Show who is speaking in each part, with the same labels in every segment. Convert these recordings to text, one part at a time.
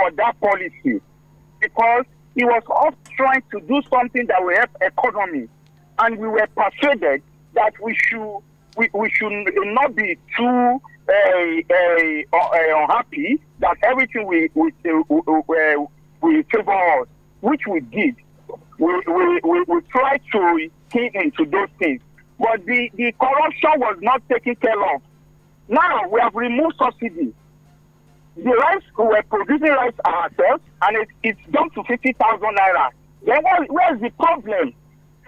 Speaker 1: for that policy because he was us trying to do something that will help economy. And we were persuaded that we should we, we should not be too uh, uh, uh, unhappy that everything we we, uh, we favor us, which we did. We, we, we, we tried to key into those things. But the, the corruption was not taken care of. Now we have removed subsidy the rice we were producing rice ourselves and it, it's down to 50,000 naira. Then where, where's the problem?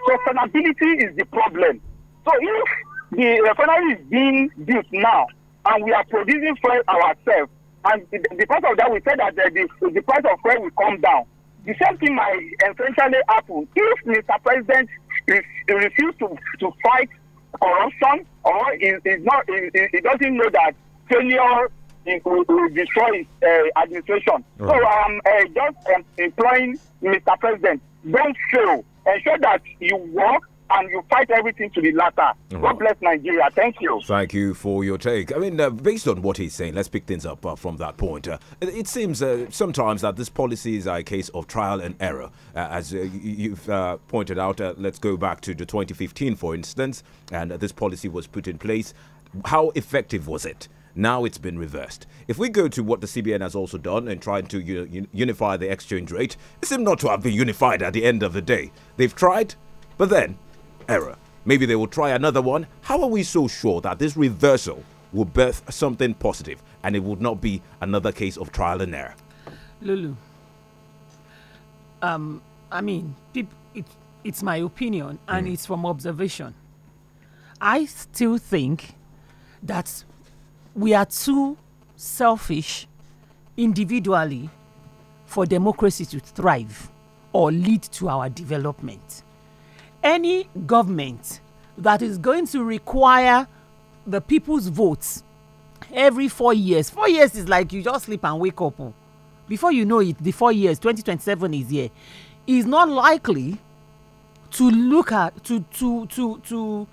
Speaker 1: Sustainability is the problem. So if the refinery is being built now and we are producing fuel ourselves, and because of that, we said that the, the, the price of fuel will come down. The same thing might essentially happen if Mr. President is, refuses to, to fight corruption or is, is not, he doesn't know that failure it will, destroy his uh, administration. Right. So I am um, uh, just um, employing Mr. President. Don't fail. Ensure that you work and you fight everything to the latter. Right. God bless Nigeria. Thank you.
Speaker 2: Thank you for your take. I mean, uh, based on what he's saying, let's pick things up uh, from that point. Uh, it seems uh, sometimes that this policy is a case of trial and error. Uh, as uh, you've pointed out, let's go back to the 2015, for instance, and this policy was put in place. How effective was it? Now it's been reversed. If we go to what the CBN has also done and trying to unify the exchange rate, it seems not to have been unified at the end of the day. They've tried, but then, error. Maybe they will try another one. How are we so sure that this reversal will birth something positive and it would not be another case of trial
Speaker 3: and error? Lulu, um, I mean, it, it's my opinion and mm. it's from observation. I still think that we are too selfish individually for democracy to thrive or lead to our development. Any government that is going to require the people's votes every four years, four years is like you just sleep and wake up. Oh. Before you know it, the four years, 2027 is here, is not likely to look at, to, to, to, to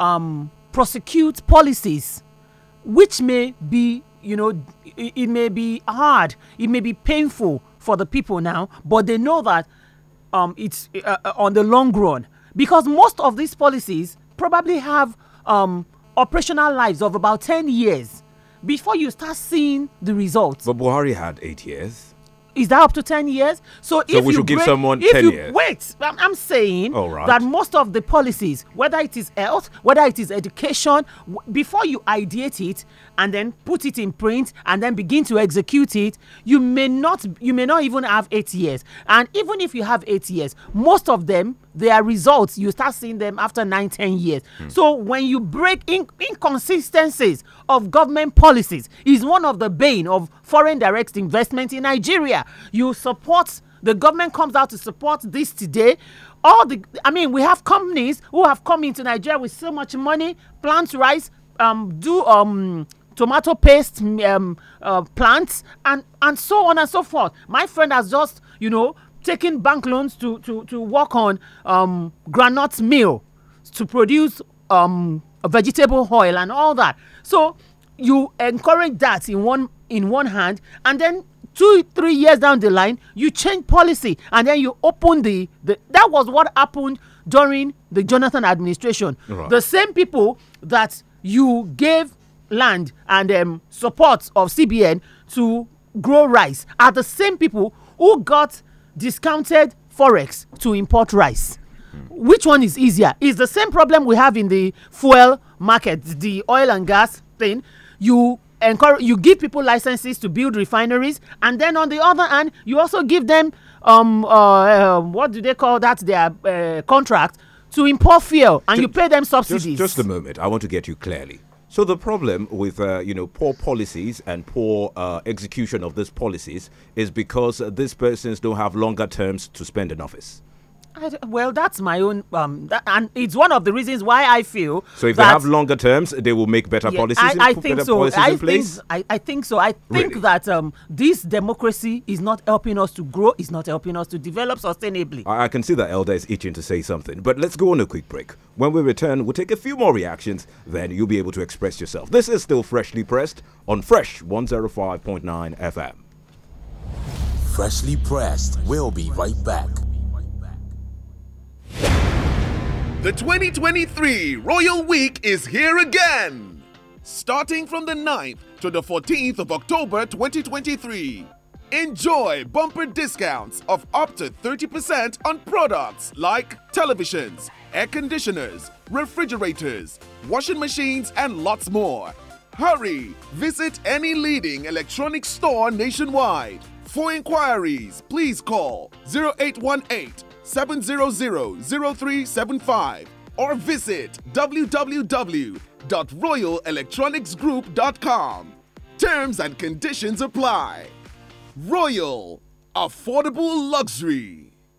Speaker 3: um, prosecute policies which may be, you know, it, may be hard, it may be painful for the people now, but they know that um, it's uh, on the long run because most of these policies probably have um, operational lives of about 10 years before you start seeing the results. But Buhari had eight years is that up to 10 years? So, so if we should give someone 10 you, years. Wait, I'm, I'm saying that most of the policies, whether it is health, whether it is education, before you ideate it, and then put it in print and then begin to execute it you may not you may not even have eight years and even if you have eight years most of them their results you start seeing them after nine ten years hmm. so when you break in, inconsistencies of government policies is one of the bane of foreign direct investment in nigeria you support the government comes out to support this today all the i mean we have companies who have come into nigeria with so much money plant rice um, do um, tomato paste um, uh, plants, and and so on and so forth. My friend has just you know taken bank loans to to to work on um, granite to produce um, vegetable oil and all that. So you encourage that in one in one hand, and then two three years down the line you change policy and then you open the, the that was what happened during the jonathan administration right. the same people that you gave land and um, support of CBN to grow rice are the same people who got discounted forex to import rice. Hmm. Which one is easier? It's the same problem we have in the fuel market, the oil and gas thing. You encourage, you give people licenses to build refineries, and then on the other hand, you also give them um uh, uh, what do they call that their uh, contract to import fuel, and just, you pay them subsidies. Just, just
Speaker 2: a moment, I want to get you clearly. So the problem with uh, you know poor policies and poor uh, execution of these policies is because these persons don't have longer terms to spend in office
Speaker 3: well, that's my own, um, that, and it's one of the reasons why I feel. So if they have
Speaker 2: longer terms, they will make better yeah, policies. I, I in, think so. I think,
Speaker 3: I, I, think so. I think really? that um, this democracy is not helping us to grow. Is not helping us to develop sustainably.
Speaker 2: I, I can see that Elder is itching to say something, but let's go on a quick break. When we return, we'll take a few more reactions. Then you'll be able to express yourself. This is still freshly pressed on Fresh 105.9 FM.
Speaker 4: Freshly pressed. We'll be right back.
Speaker 5: The 2023 Royal Week is here again, starting from the 9th to the 14th of October 2023. Enjoy bumper discounts of up to 30% on products like televisions, air conditioners, refrigerators, washing machines, and lots more. Hurry! Visit any leading electronics store nationwide. For inquiries, please call 0818 700-0375 or visit www.royalelectronicsgroup.com. Terms and conditions apply.
Speaker 6: Royal Affordable Luxury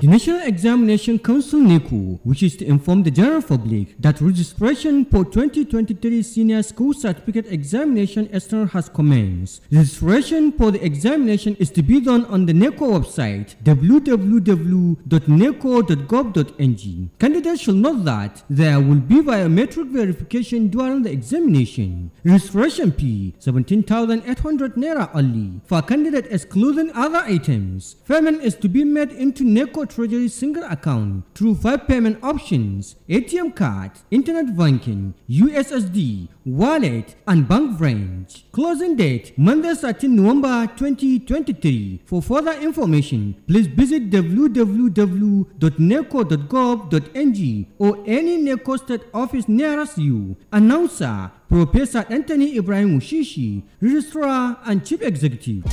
Speaker 7: The National Examination Council NECO wishes to inform the general public that registration for 2023 Senior School Certificate Examination External has commenced. Registration for the examination is to be done on the NECO website www.neco.gov.ng. Candidates should note that there will be biometric verification during the examination. Registration fee 17,800 naira only for a candidate excluding other items. Payment is to be made into NECO Treasury single account through five payment options, ATM card, internet banking, USSD, wallet, and bank branch. Closing date, Monday 13 November 2023. For further information, please visit www.neco.gov.ng or any NECO state office nearest you. Announcer, Professor Anthony Ibrahim Ushishi, Registrar and Chief Executive.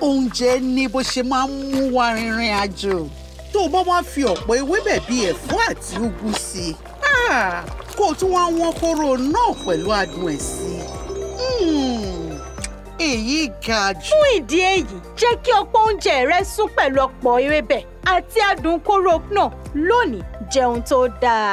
Speaker 8: oúnjẹ ní bó ṣe máa ń mú wa rìnrìn àjò tó o bá wá fi ọ̀pọ̀ ewébẹ̀ bíi ẹ̀fọ́ àti ugu sí i ah, kó o tún wá wọ́n kóró náà pẹ̀lú
Speaker 9: adùn ẹ̀ sí i hmm, èyí ga jù. fún ìdí èyí
Speaker 10: jẹ́ kí ọ̀pọ̀ oúnjẹ rẹ sún pẹ̀lú ọ̀pọ̀ ewébẹ̀ àti adùn kóró náà lónìí jẹun tó dáa.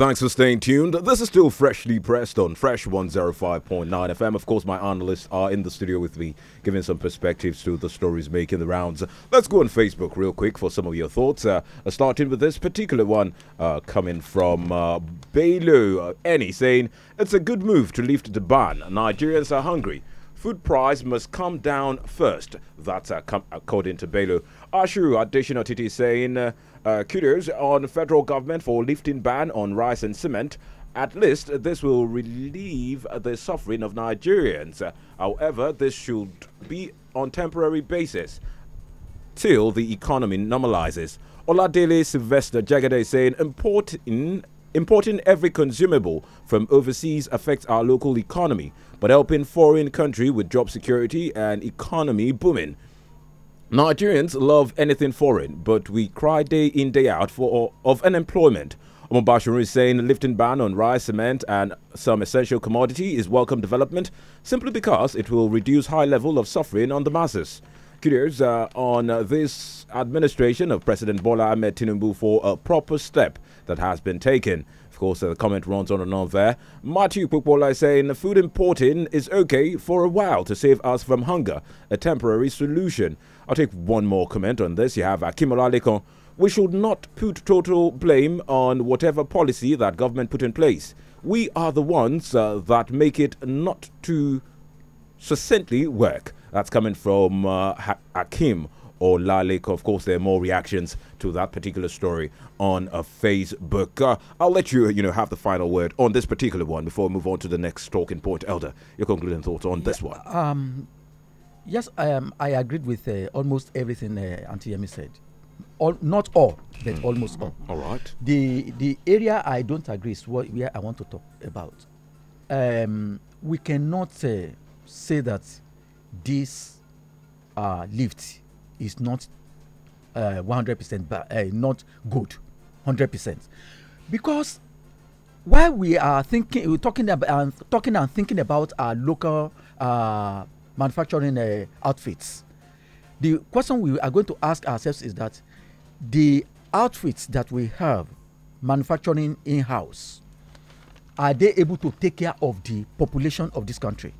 Speaker 2: Thanks for staying tuned. This is still freshly pressed on Fresh 105.9 FM. Of course, my analysts are in the studio with me, giving some perspectives to the stories making the rounds. Let's go on Facebook real quick for some of your thoughts. Uh, starting with this particular one uh, coming from uh, Bailu Eni uh, saying, It's a good move to lift the ban. Nigerians are hungry. Food price must come down first. That's uh, according to Bailu. Ashu Additional TT saying, uh, uh, kudos on federal government for lifting ban on rice and cement. At least this will relieve the suffering of Nigerians. However, this should be on temporary basis till the economy normalizes. Oladele Sylvester Jagade saying importing importing every consumable from overseas affects our local economy, but helping foreign country with job security and economy booming Nigerians love anything foreign, but we cry day in, day out for of unemployment. Omobashirun is saying lifting ban on rice, cement, and some essential commodity is welcome development simply because it will reduce high level of suffering on the masses. Kudos uh, on uh, this administration of President Bola Ahmed Tinubu for a proper step that has been taken. Of course, uh, the comment runs on and on there. Matthew Pupola is saying food importing is okay for a while to save us from hunger, a temporary solution. I'll take one more comment on this. You have Akim Olalekan. We should not put total blame on whatever policy that government put in place. We are the ones uh, that make it not to succinctly work. That's coming from uh, Akim or Lalik. Of course, there are more reactions to that particular story on uh, Facebook. Uh, I'll let you, you know, have the final word on this particular one before we move on to the next talking point. Elder, your concluding thoughts on yeah, this one.
Speaker 11: Um, Yes, um, I agreed with uh, almost everything uh, Auntie Yemi said. All, not all, but mm. almost all. All right. The the area I don't agree is what where I want to talk about. Um, we cannot uh, say that this uh, lift is not 100% uh, but uh, not good, 100%, because while we are thinking, we're talking about talking and thinking about our local uh, manufacturing uh, outfits. The question we are going to ask ourselves is that the outfits that we have manufacturing in house are they able to take care of the population of this country?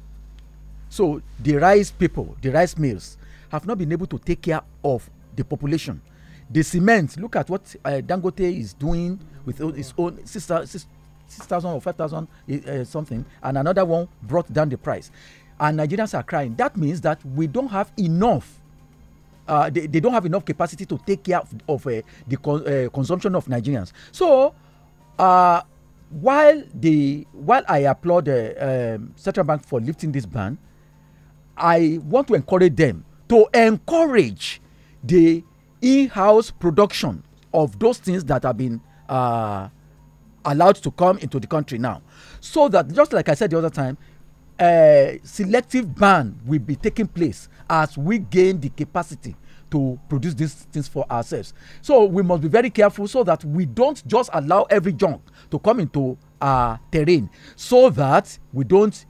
Speaker 11: So the rice people, the rice mills, have not been able to take care of the population. The cement, look at what uh, Dangote is doing with its own sister, sister six thousand or five thousand uh, something and another one brought down the price and Nigerians are crying, that means that we don't have enough. Uh, they, they, don't have enough capacity to take care of, of uh, the con uh, consumption of Nigerians. So, uh, while the while I applaud the uh, um, central bank for lifting this ban, I want to encourage them to encourage the in-house production of those things that have been uh, allowed to come into the country now, so that just like I said the other time, uh, selective ban will be taking place as we gain the capacity to produce these things for ourselves. So we must be very careful so that we don't just allow every junk to come into our terrain so that we don't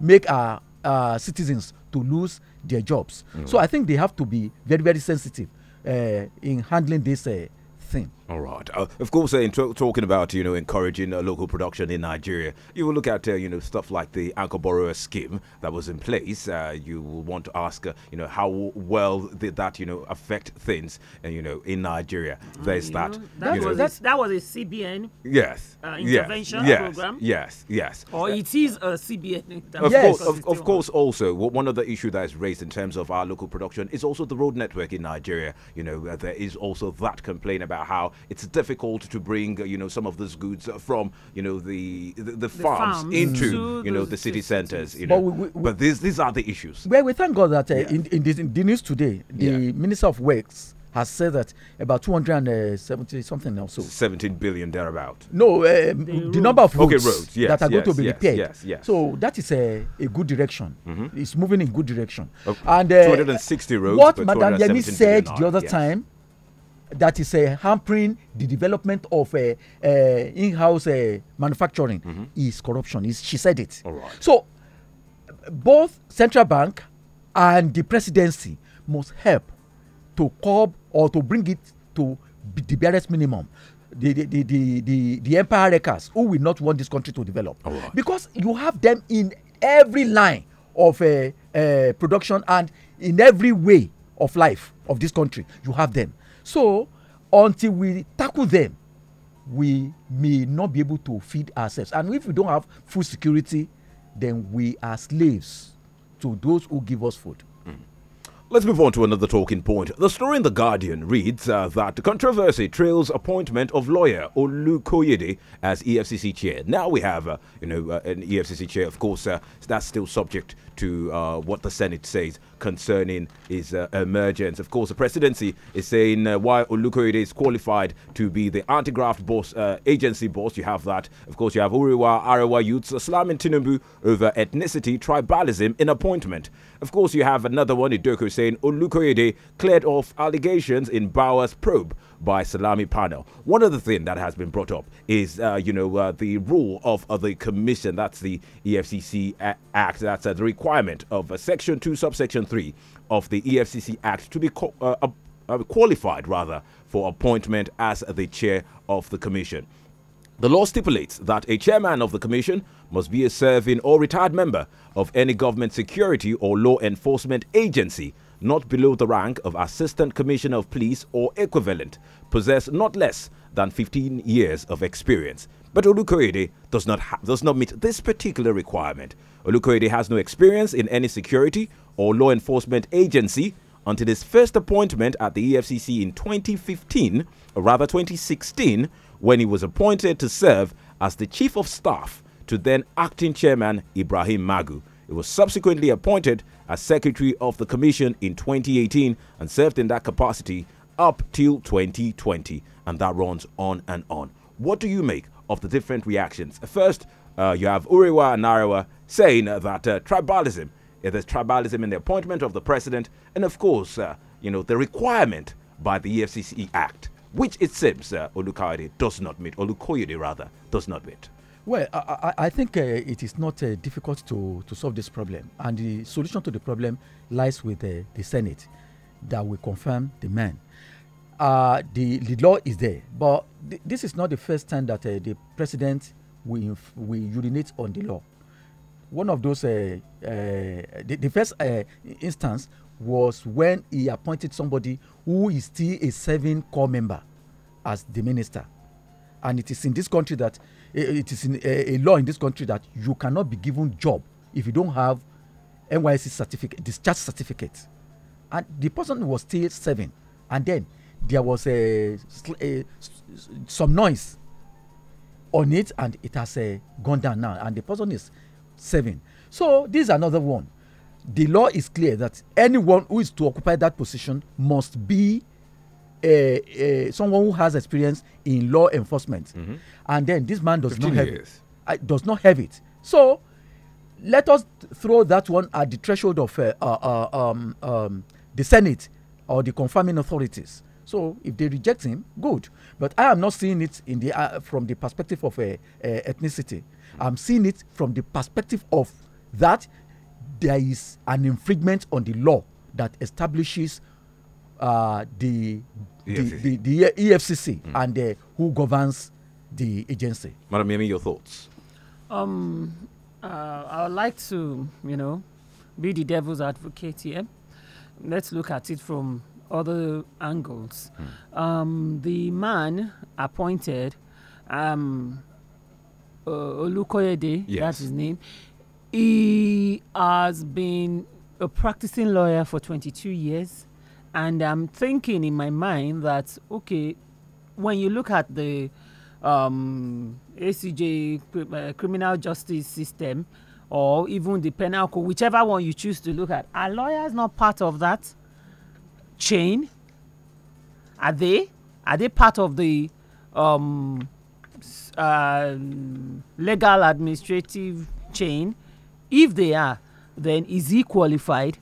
Speaker 11: make our, our citizens to lose their jobs. Mm. So I think they have to be very, very sensitive uh, in handling this uh, thing.
Speaker 2: All right. Uh, of course, uh, in t- talking about you know encouraging uh, local production in Nigeria, you will look at uh, you know stuff like the anchor borrower scheme that was in place. Uh, you will want to ask uh, you know how well did that you know affect things you know in Nigeria. Ah, There's that. that, was
Speaker 3: a, that was a CBN. Yes. intervention yes, program.
Speaker 2: Yes. Yes.
Speaker 3: Or it is a CBN. Of yes. course. Of,
Speaker 2: of course. Also, one other issue that is raised in terms of our local production is also the road network in Nigeria. You know, there is also that complaint about how it's difficult to bring uh, you know some of those goods uh, from you know the the, the, the farms, farms, into you know the city centers. You know, but, we, we, but, these these are the issues.
Speaker 11: Well, we thank God that uh, yeah. in, in, this, in, the news today, the yeah. Minister of Works has said that about 270 uh, something or so. 17 billion thereabout. No, uh, the, the number of roads, okay, roads yes, that are yes, going to be yes, repaired. Yes, yes. So that is a, a good direction. Mm -hmm. It's moving in good direction. Okay. And uh, 260 roads. What Madam Yemi said the other yes. time that is uh, hampering the development of uh, uh, in-house manufacturing mm -hmm. is corruption. Is she said it? So both central bank and the presidency must help to curb or to bring it to the barest minimum. The the, the the the the, empire wreckers who will not want this country to develop right. because you have them in every line of production and in every way of life of this country you have them so, until we tackle them, we may not be able to feed ourselves. And if we don't have food security, then we are slaves to those who give us food.
Speaker 2: Mm-hmm. Let's move on to another talking point. The story in The Guardian reads uh, that controversy trails appointment of lawyer Olu Koyede as EFCC chair. Now we have, uh, you know, uh, an EFCC chair, of course, uh, that's still subject to uh, what the Senate says concerning his uh, emergence. Of course, the presidency is saying uh, why Olukoide is qualified to be the anti-graft boss, uh, agency boss. You have that. Of course, you have Uriwa Arawa youths slamming Tinubu over ethnicity, tribalism in appointment. Of course, you have another one, Idoko, saying Olukoide cleared off allegations in Bauer's probe by Salami Panel. One other thing that has been brought up is, uh, you know, uh, the rule of, of, the commission. That's the EFCC Act. That's uh, the requirement of uh, Section 2, Subsection 3 of the EFCC Act to be uh, qualified, rather, for appointment as the chair of the commission. The law stipulates that a chairman of the commission must be a serving or retired member of any government security or law enforcement agency not below the rank of Assistant Commissioner of Police or equivalent, possess not less than 15 years of experience. But Olukoyede does not does not meet this particular requirement. Olukoyede has no experience in any security or law enforcement agency until his first appointment at the EFCC in 2015, or rather 2016, when he was appointed to serve as the chief of staff to then acting chairman Ibrahim Magu. He was subsequently appointed as secretary of the commission in 2018 and served in that capacity up till 2020. And that runs on and on. What do you make of the different reactions? First, uh, you have Uriwa and Narawa saying that uh, tribalism, uh, there's tribalism in the appointment of the president, and of course, uh, you know, the requirement by the EFCC Act, which it seems uh, does not meet, Olukoyede rather, does not meet.
Speaker 11: Well, I, I, I think uh, it is not uh, difficult to, to solve this problem. And the solution to the problem lies with uh, the Senate that will confirm the man. Uh, the, the law is there, but th this is not the first time that uh, the president will, will urinate on the law. One of those, uh, the, the, first instance was when he appointed somebody who is still a serving core member as the minister. And it is in this country that Eh, it is in, a, eh, a law in this country that you cannot be given job if you don't have NYSC certificate, discharge certificate. And the person was still serving, and then there was a, a some noise on it, and it has uh, gone down now, and the person is serving. So this is another one. The law is clear that anyone who is to occupy that position must be a, a, someone who has experience in law enforcement, mm -hmm. and then this man does not have years. it. does not have it. So let us throw that one at the threshold of uh, uh, uh, um, um, the Senate or the confirming authorities. So if they reject him, good. But I am not seeing it in the uh, from the perspective of ethnicity. I'm seeing it from the perspective of that there is an infringement on the law that establishes uh, the the, the, the EFCC mm. and uh, who governs the agency.
Speaker 2: Madam Yemi, your thoughts?
Speaker 3: Um, uh, I would like to, you know, be the devil's advocate here. Let's look at it from other angles. Hmm. Um, the man appointed, um, uh, Olukoyede, yes. that's his name, he has been a practicing lawyer for 22 years. And I'm thinking in my mind that, okay, when you look at the um, ACJ uh, criminal justice system or even the penal code, whichever one you choose to look at, are lawyers not part of that chain? Are they? Are they part of the um, uh, legal administrative chain? If they are, then is he qualified?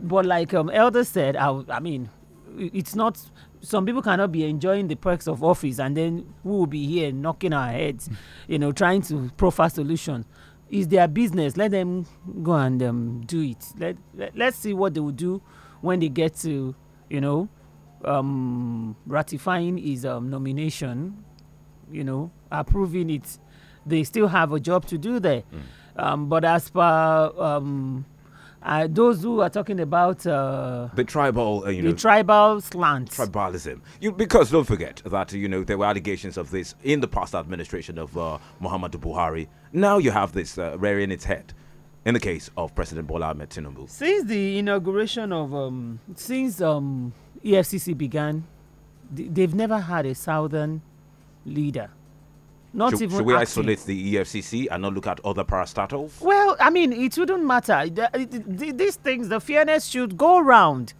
Speaker 3: but like um, Elder said, I, I mean, it's not some people cannot be enjoying the perks of office and then we will be here knocking our heads, you know, trying to proffer solutions. It's their business. Let them go and um, do it. Let, let us see what they will do when they get to, you know, um, ratifying his um, nomination. You know, approving it. They still have a job to do there. Mm. Um, but as per um, uh, those who are talking about uh,
Speaker 2: the tribal, uh, you the know, tribal slant, tribalism. You, because don't forget that you know there were allegations of this in the past administration of uh, Muhammadu Buhari. Now you have this uh, rearing its head in the case of President Bola Ahmed Tinubu.
Speaker 3: Since the inauguration of, um, since um, EFCC began, they've never had a southern leader not should, even should we isolate
Speaker 2: the EFCC and not look at other parastatals?
Speaker 3: Well, I mean, it wouldn't matter. Uh, these things, the fairness should go round.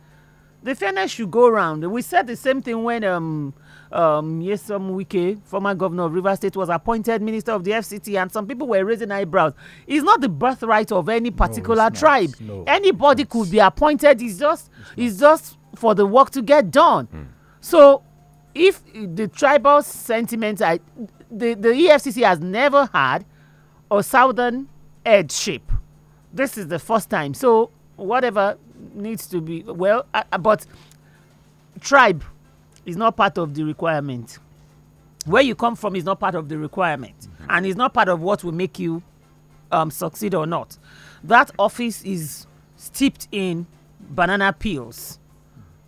Speaker 3: The fairness should go round. We said the same thing when um, um, Yesom Wike, former governor of River State, was appointed minister of the FCT, and some people were raising eyebrows. It's not the birthright of any particular no, tribe. No, Anybody could be appointed. It's just, it's, it's just for the work to get done. Mm. So, if the tribal sentiments, I, the, the EFCC has never had a southern headship. This is the first time. So whatever needs to be well, uh, uh, but tribe is not part of the requirement. Where you come from is not part of the requirement, mm -hmm. and it's not part of what will make you um, succeed or not. That office is steeped in banana peels.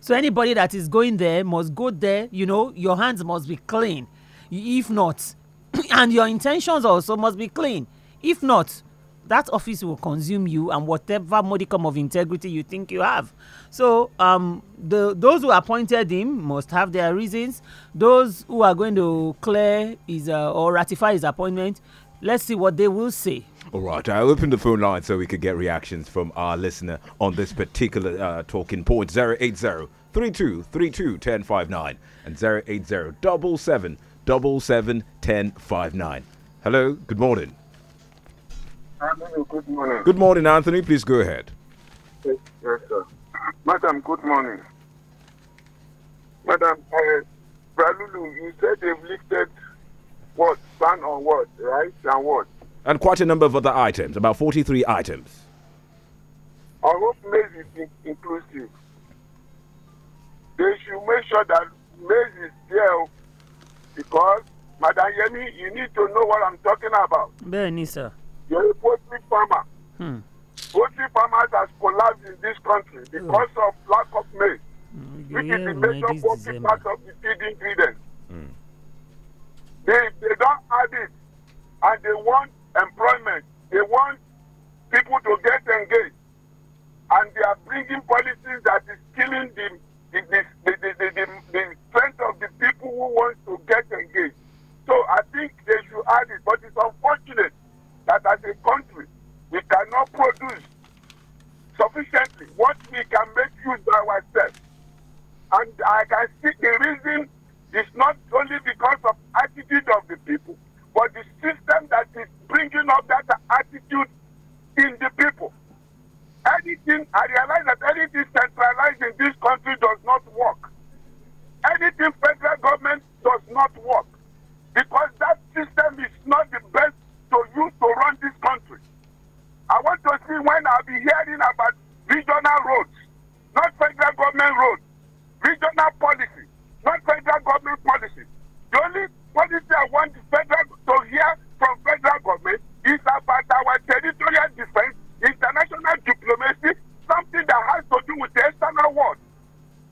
Speaker 3: So anybody that is going there must go there, you know, your hands must be clean if not and your intentions also must be clean if not that office will consume you and whatever modicum of integrity you think you have so um, the those who appointed him must have their reasons those who are going to clear his uh, or ratify his appointment let's see what they will say
Speaker 2: all right, I opened the phone line so we could get reactions from our listener on this particular uh, talking point 080 3232 1059 and 080 double seven ten five nine. Hello, good morning.
Speaker 12: Hello, good morning.
Speaker 2: Good morning, Anthony. Please go ahead.
Speaker 12: Yes, sir. Madam, good morning. Madam, uh, Bralulu, you said they've lifted what? Ban on what? Right? And what?
Speaker 2: And quite a number of other items, about 43 items.
Speaker 12: I hope maize is inclusive. They should make sure that maize is there because madam yemi you need to know what i'm talking about.
Speaker 3: bẹ́ẹ̀ sir. you're a poultry farmer. Hmm.
Speaker 12: poultry farmers has collapsed in this country because oh. of lack of maize. Mm, which is the major poultry part of the feed ingredient. Mm. They they don't add it and they want employment. They want people to get engaged and they are bringing policies that is killing the the, the, the, the, the, strength of the people who want to get engaged. So I think they should add it, but it's unfortunate that as a country, we cannot produce sufficiently what we can make use by ourselves. And I can see the reason is not only because of attitude of the people, but the system that is bringing up that attitude in the people. Anything, I realize that anything centralized in this country does not work. Anything federal government does not work because that system is not the best to use to run this country. I want to see when I'll be hearing about regional roads, not federal government roads, regional policy, not federal government policy. The only policy I want the federal to hear from federal government is about our territorial defense international diplomacy, something that has to do with the external world.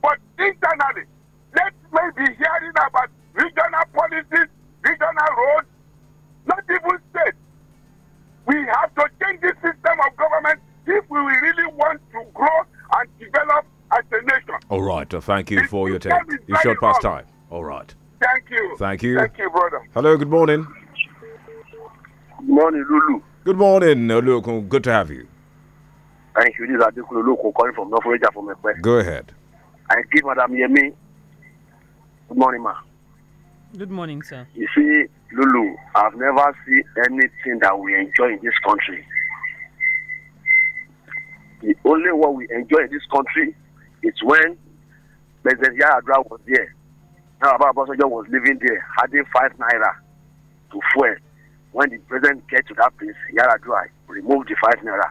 Speaker 12: But internally, let's maybe hearing about regional policies, regional roads, not even states. We have to change this system of government if we really want to grow and develop
Speaker 2: as a nation. All right. Well, uh, thank you this for your time. You short past wrong. time. All right. Thank you. Thank you. Thank you, brother. Hello. Good morning. Good morning, Lulu. Good morning, Oloko. Good to have you.
Speaker 13: Thank you. This is Adekun Oloko calling from North for my Ekpe. Go ahead. I give Madam Yemi. Good morning, ma.
Speaker 3: Good morning, sir.
Speaker 13: You see, Lulu, I've never seen anything that we enjoy in this country. The only one we enjoy in this country is when President Yahadra was there. Now, about Ababosojo was living there, adding five naira to fuel when the president get to that place, Yaradua, remove the five naira.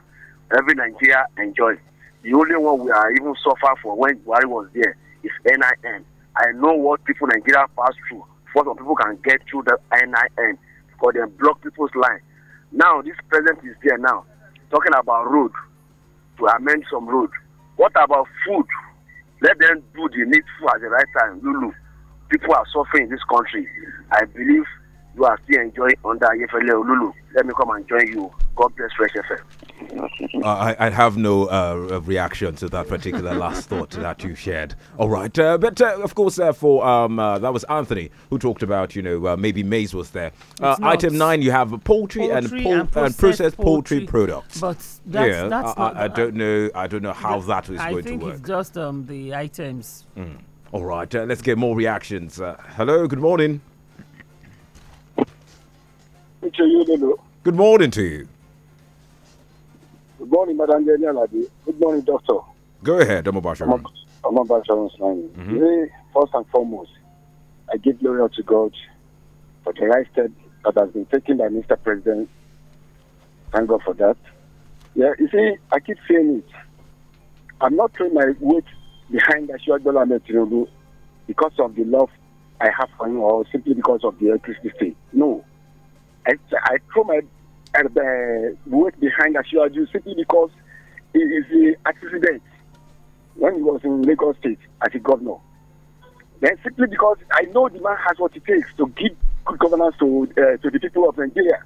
Speaker 13: Every Nigeria enjoy. The only one we are even suffer for when Buhari was there is NIN. I know what people Nigeria pass through. For some people can get through the NIN because they block people's line. Now this president is there now, talking about road to amend some road. What about food? Let them do the needful at the right time. Lulu, people are suffering in this country. I believe you are still enjoying under Yefele Olulu. Let me come and join you. God bless Fresh FM.
Speaker 2: Uh, I, I have no uh, reaction to that particular last thought that you shared. All right, uh, but uh, of course, uh, for um, uh, that was Anthony who talked about you know maybe maize was there. item nine, you have poultry, poultry and, and, processed and, processed poultry, poultry products. But that's, yeah, that's I, I, I, don't know. I don't know how that, that is I going to work. I think
Speaker 3: it's just um, the items.
Speaker 2: Mm. All right, let's get more reactions. hello, good morning.
Speaker 3: Good
Speaker 2: morning to you.
Speaker 13: Good morning, Madam Daniel. Good morning, Doctor.
Speaker 2: Go ahead, Dr. Basharon.
Speaker 13: Basharon First and foremost, I give glory to God for the life step that has been taken by Mr. President. Thank God for that. Yeah, you see, I keep saying it. I'm not throwing my weight behind Ashwadola Metinubu because of the love I have for him or simply because of the electricity. No. I, I throw my uh, the weight behind Ashiwaju simply because it is an accident when he was in Lagos State as a governor. Then simply because I know the man has what it takes to give good governance to uh, to the people of Nigeria.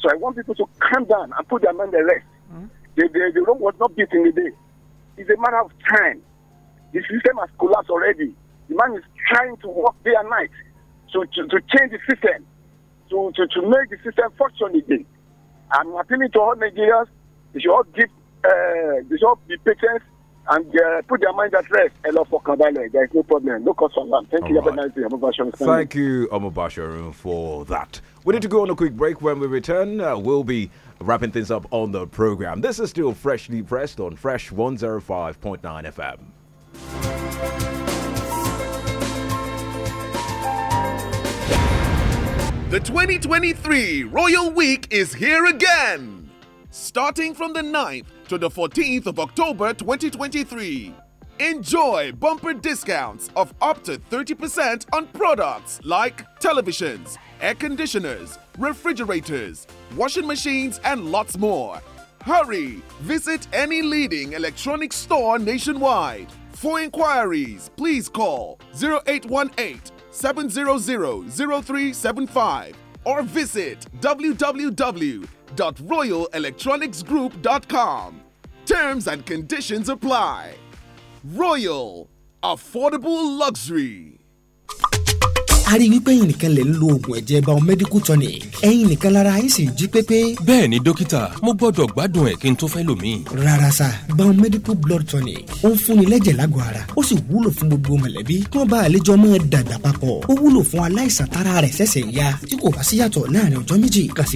Speaker 13: So I want people to calm down and put their mind at rest. Mm. The, the, the room was not built in a day. It's a matter of time. The system has collapsed already. The man is trying to work day and night to, to, to change the system to, to, to make the system function again. I'm appealing to all Nigerians, they should all give, uh, they should all be patient and uh, put their mind at rest. lot for Kandale. There is no problem. No cost for that. Thank All you. Right. Have a nice day. Thank
Speaker 2: you, Omobasharu, for that. We need to go on a quick break. When we return, uh, we'll be wrapping things up on the program. This is still freshly pressed on Fresh 105.9 FM.
Speaker 5: The 2023 Royal Week is here again! Starting from the 9th to the 14th of October 2023. Enjoy bumper discounts of up to 30% on products like televisions, air conditioners, refrigerators, washing machines, and lots more. Hurry! Visit any leading electronics store nationwide. For inquiries, please call 0818 700-0375 or visit www.royalelectronicsgroup.com. Terms and conditions apply. Royal Affordable Luxury
Speaker 4: a rí wípé ẹ̀yin nìkan lè ń lo oògùn ẹ̀jẹ̀ biomedical tonic ẹ̀yin nìkan lára yín sì jí pépé. bẹ́ẹ̀ ni dókítà mo gbọ́dọ̀ gbádùn ẹ̀ kí n tó fẹ́ lò mí. rárá sa biomedical blood tonic ó ń fúnni lẹ́jẹ̀ lágọ̀ọ́ ara ó sì wúlò fún gbogbo mọ̀lẹ́bí kí wọ́n bá àlejò máa dàgbà papọ̀ ó wúlò fún aláìsàn tára rẹ̀ ṣẹ̀ṣẹ̀ yá tí kò bá síyàtọ̀ láàrin ọjọ́ méjì kàn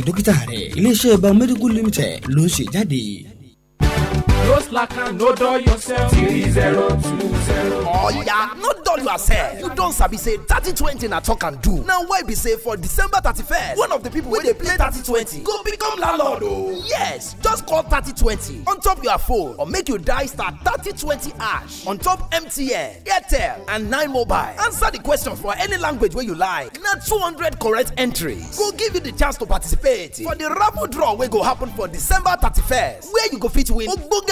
Speaker 4: No slack and no dull yourself. Three zero
Speaker 14: two zero. Oh yeah, no dull yourself. You don sabi say thirty twenty na talk and do. Now why be say for December thirty first, one of the people wey dey play thirty twenty go become landlord o. Oh. Yes, just call thirty twenty on top your phone or make you die star thirty twenty ash. on top MTN, Airtel and Nine Mobile. Answer the question for any language wey you like. Na two hundred correct entries go give you the chance to participate for the raffle draw wey go happen for December thirty first, where you go fit win ogbonge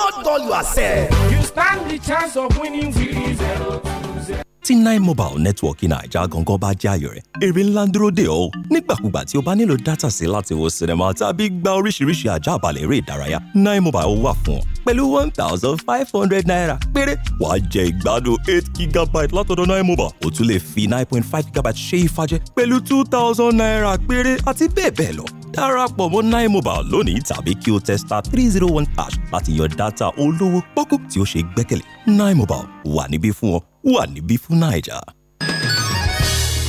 Speaker 14: not dull yourself. You stand the chance of winning 3 0.
Speaker 4: tí mobile
Speaker 2: network naija gangan bá jẹ́ àyò rẹ̀ èrè ńlá ń dúró dè ọ́ nígbàkúgbà tí o bá nílò dátà sí láti wo sinimá tàbí gba oríṣiríṣi àjàbalẹ̀ eré ìdárayá nine mobile wà fún ọ pẹ̀lú one thousand five hundred naira péré wàá jẹ ìgbádùn eight gigabyte látọ̀dọ̀
Speaker 4: nine
Speaker 12: mobile
Speaker 2: o tún lè fi nine point five gigabyte ṣe ìfàjẹ
Speaker 4: pẹ̀lú two thousand naira péré àti bẹ́ẹ̀ bẹ́ẹ̀ lọ darapọ̀ mọ́ nine mobile lónìí tàbí kí o tẹ star three zero one hash láti yan data olówó pọ́kú tí ó ṣe gbẹ́kẹ̀lé nine mobile wà níbí fún ọ wà níbí fún naija.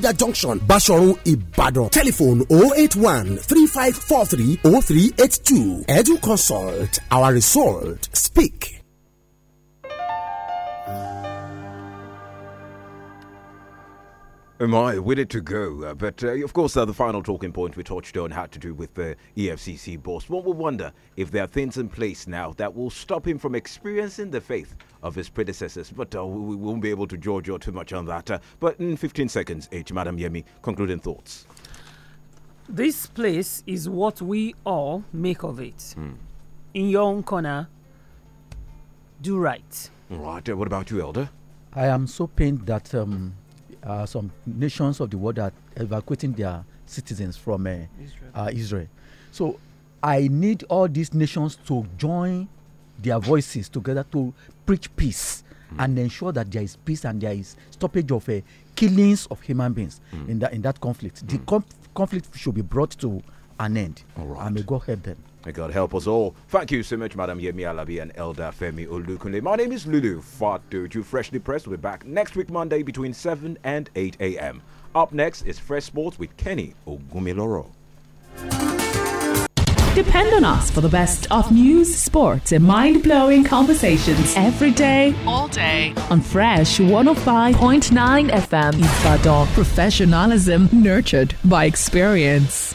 Speaker 4: Bodija Junction, Bashorun, Ibadan. Telephone 081 3543 0382. Edu Consult, our result. Speak.
Speaker 2: My, with to go. Uh, but uh, of course, uh, the final talking point we touched on had to do with the EFCC boss. One would wonder if there are things in place now that will stop him from experiencing the faith of his predecessors. But uh, we won't be able to judge or too much on that. Uh, but in 15 seconds, H. Madam Yemi, concluding thoughts.
Speaker 3: This place is what we all make of it. Mm. In your own corner, do right.
Speaker 2: Right. Uh, what
Speaker 11: about you, Elder? I am so pained that. Um, uh, some nations of the world are evacuating their citizens from uh, Israel. Uh, Israel. So I need all these nations to join their voices together to preach peace mm. and ensure that there is peace and there is stoppage of uh, killings of human beings mm. in that in that conflict. Mm. The hmm. conf conflict should be brought to an end, I and may God help them.
Speaker 2: May God help us all. Thank you so much, Madam Yemi Alabi and Elder Femi Olukunle. My name is Lulu Fatuju. Freshly Pressed we will be back next week, Monday, between 7 and 8 a.m. Up next is Fresh Sports with Kenny Ogumiloro.
Speaker 6: Depend on us for the best of news, sports, and mind blowing conversations every day,
Speaker 8: all day
Speaker 6: on Fresh 105.9 FM Ibadan. Professionalism nurtured by experience.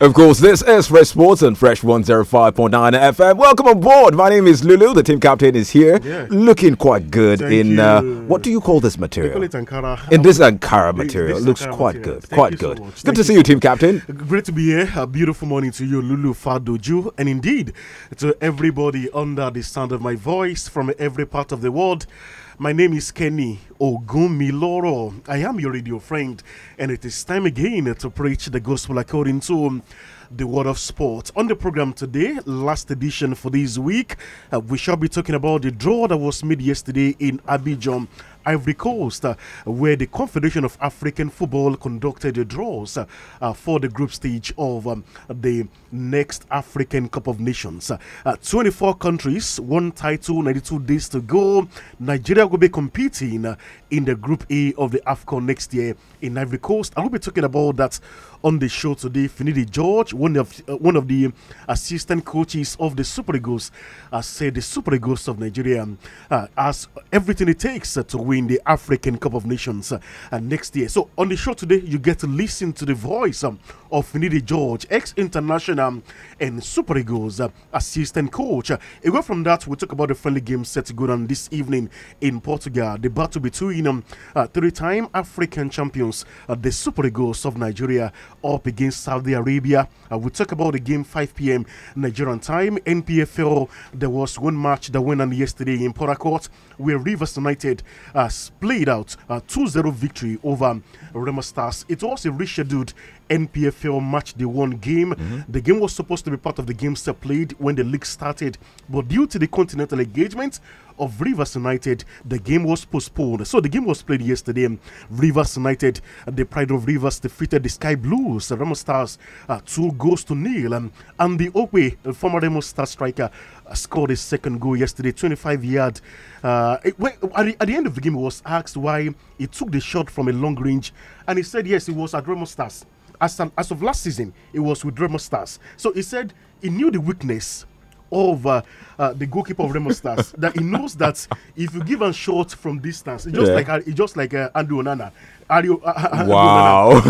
Speaker 2: Of course, this is Fresh Sports and Fresh 105.9 FM. Welcome aboard. My name is Lulu. The team captain is here, yeah. looking quite good Thank in uh, what do you call this material? Call Ankara. In this Ankara material, this, this looks Ankara quite material. good, Thank quite good. So good to see you, team captain.
Speaker 15: Great to be here. A beautiful morning to you, Lulu Fadoju, and indeed to everybody under the sound of my voice from every part of the world. My name is Kenny Ogumiloro. I am your radio friend, and it is time again to preach the gospel according to the world of sport. On the program today, last edition for this week, uh, we shall be talking about the draw that was made yesterday in Abidjan Ivory Coast, uh, where the Confederation of African Football conducted the draws uh, uh, for the group stage of um, the next African Cup of Nations. 24 countries, one title, 92 days to go. Nigeria will be competing in the Group A of the AFCON next year in Ivory Coast. I will be talking about that on the show today. Finidi George, one of uh, one of the assistant coaches of the Super Eagles, uh, said the Super Eagles of Nigeria uh, has everything it takes uh, to win the African Cup of Nations uh, next year. So on the show today, you get to listen to the voice um, of Finidi George, ex-international um, and Super Eagles uh, assistant coach. Uh, away from that, we'll talk about the friendly game set to go on this evening in Portugal. The battle between um, three-time African champions, the Super Eagles of Nigeria up against Saudi Arabia. Uh, we'll talk about the game 5 p.m. Nigerian time. NPFL, there was one match that went on yesterday in Port Harcourt where Rivers United uh, out a 2 0 victory over Rema Stars. It was a rescheduled NPFL match the one game. Mm -hmm. The game was supposed to be part of the games that played when the league started, but due to the continental engagement of Rivers United, the game was postponed. So the game was played yesterday. Rivers United, the Pride of Rivers, defeated the Sky Blues, the Remo Stars, uh, two goals to nil. Um, and the Okwe, the former Remo Star striker, uh, scored his second goal yesterday, 25 yard. Uh, it, at, the, at, the, end of the game, he was asked why he took the shot from a long range, and he said yes, it was at Remo Stars as, as of last season, it was with Remo Stars. So he said he knew the weakness of uh, uh, the goalkeeper of Remo Stars that he knows that if you give a shot from distance, it's just yeah. like just like uh, Andrew Onana. Ario. Uh, wow.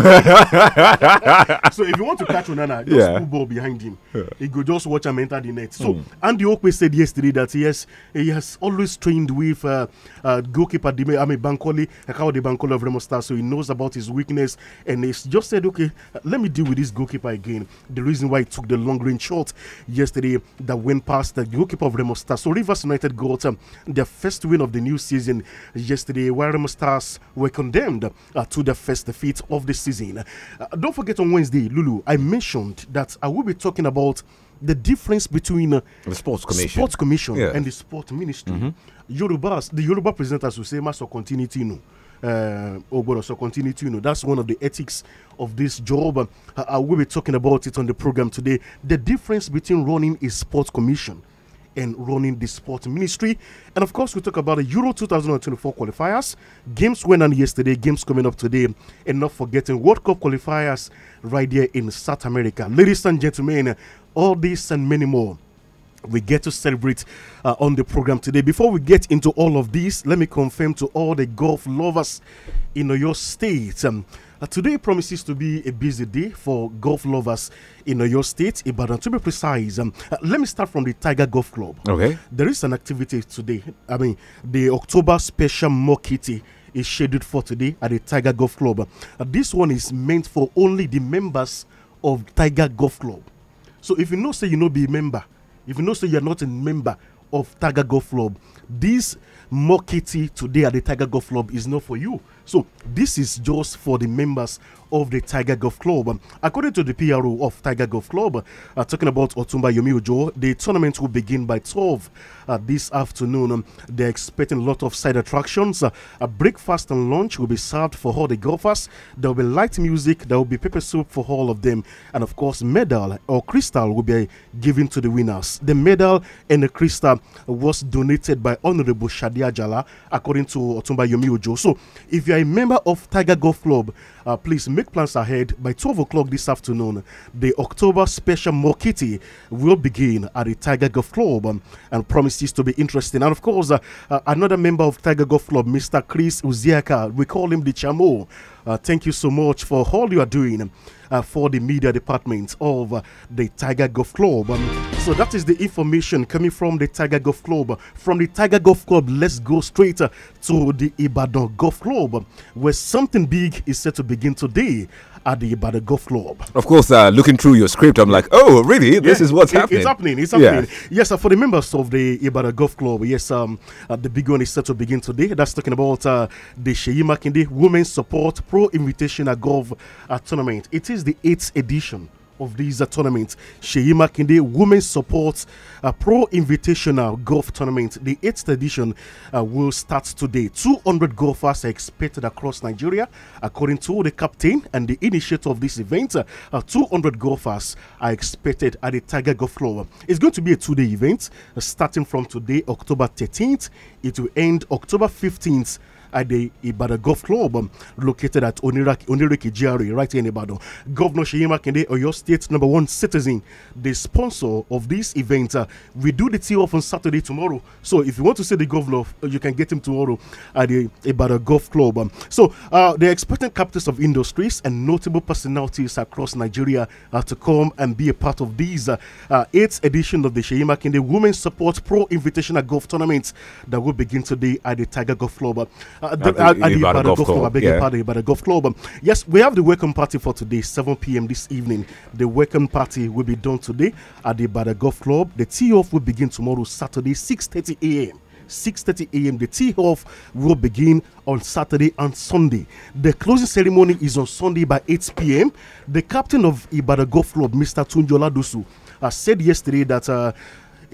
Speaker 15: so if you want to catch Onana, just yeah. ball behind him. Yeah. He could just watch him enter the net. So mm. Andy Okwe said yesterday that he has, he has always trained with uh, uh, goalkeeper Dime Ame Bankole, Akawade Bankole of Remo Star, so he knows about his weakness. And he just said, okay, let me deal with this goalkeeper again. The reason why he took the long range shot yesterday that went past the goalkeeper of Remo Star. So Rivers United got um, their first win of the new season yesterday, while Remo Stars were condemned uh, to their first defeat of the season. Uh, don't forget on Wednesday, Lulu, I mentioned that I will be talking about the difference between uh, the sports commission, sports commission yeah. and the sport ministry. Mm -hmm. Yorubas, the Yoruba presenters will say, must continue to know. Uh, Obono, so continue to you know that's one of the ethics of this job. Uh, I will be talking about it on the program today. The difference between running a sports commission and running the sport ministry. And of course, we talk about the Euro 2024 qualifiers. Games went on yesterday, games coming up today, and not forgetting World Cup qualifiers right there in South America. Ladies and gentlemen, all this and many more we get to celebrate uh, on the program today. Before we get into all of this, let me confirm to all the golf lovers in your state. Um, uh, today promises to be a busy day for golf lovers in Oyo State, Ibadan. To be precise, um, uh, let me start from the Tiger Golf Club. Okay. There is an activity today. I mean, the October Special Mock Kitty is scheduled for today at the Tiger Golf Club. Uh, this one is meant for only the members of Tiger Golf Club. So if you know, say you know, be a member. If you know, say you're not a member of Tiger Golf Club, this Mokiti today at the Tiger Golf Club is not for you. So this is just for the members of the Tiger Golf Club. according to the PRO of Tiger Golf Club, uh, talking about Otumba Yomi Ojo, the tournament will begin by 12 uh, this afternoon. Um, they're expecting a lot of side attractions. Uh, a breakfast and lunch will be served for all the golfers. There will be light music. There will be pepper soup for all of them. And of course, medal or crystal will be given to the winners. The medal and the crystal was donated by Honorable Shadi Ajala, according to Otumba Yomi Ojo. So, if you're a member of Tiger Golf Club uh, please make plans ahead. By 12 o'clock this afternoon, the October special Mokiti will begin at the Tiger Golf Club um, and promises to be interesting. And of course, uh, uh, another member of Tiger Golf Club, Mr. Chris Uziaka, we call him the Chamo. Uh, thank you so much for all you are doing. Uh, for the media department of uh, the Tiger Golf Club. Um, so that is the information coming from the Tiger Golf Club. From the Tiger Golf Club, let's go straight uh, to the Ibadan Golf Club, where something big is set to begin begin today at the Ibadan Golf Club.
Speaker 2: Of course, uh, looking through your script, I'm like, oh, really? Yeah, this is what's it, happening. It's happening. It's happening.
Speaker 15: Yeah. Yes, uh, for the members of the Ibadan Golf Club, yes, um, uh, the big one is set to begin today. That's talking about uh, the Sheyi Makinde Women's Support Pro Invitational Golf uh, Tournament. It is the eighth edition of these uh, tournaments. Sheyi Makinde Women's Support uh, Pro Invitational Golf Tournament, the eighth edition, uh, will start today. 200 golfers are expected across Nigeria, according to the captain and the initiator of this event. Uh, uh 200 golfers are expected at the Tiger Golf Club. It's going to be a two-day event uh, starting from today, October 13th. It will end October 15th at the Ibadan Golf Club um, located at Oniraki, Oniriki GRA right here in Ibadan. Governor Sheyi Kende, your State number one citizen, the sponsor of this event. Uh, we do the tea off on Saturday tomorrow. So if you want to see the governor, uh, you can get him tomorrow at the Ibadan Golf Club. Um, so uh, they're expecting capitals of industries and notable personalities across Nigeria uh, to come and be a part of these uh, uh, eighth edition of the Sheyi Kende Women's Support Pro Invitational Golf Tournament that will begin today at the Tiger Golf Club. Um. Uh, the, uh, club. I beg yeah. pardon, golf club. Um, yes, we have the welcome party for today, 7 p.m. this evening. The welcome party will be done today at the Bada Golf Club. The tee off will begin tomorrow, Saturday, 6:30 a.m. 6:30 a.m. The tee off will begin on Saturday and Sunday. The closing ceremony is on Sunday by 8 p.m. The captain of Ibada Golf Club, Mr. Tunjola Dusu, uh, said yesterday that uh,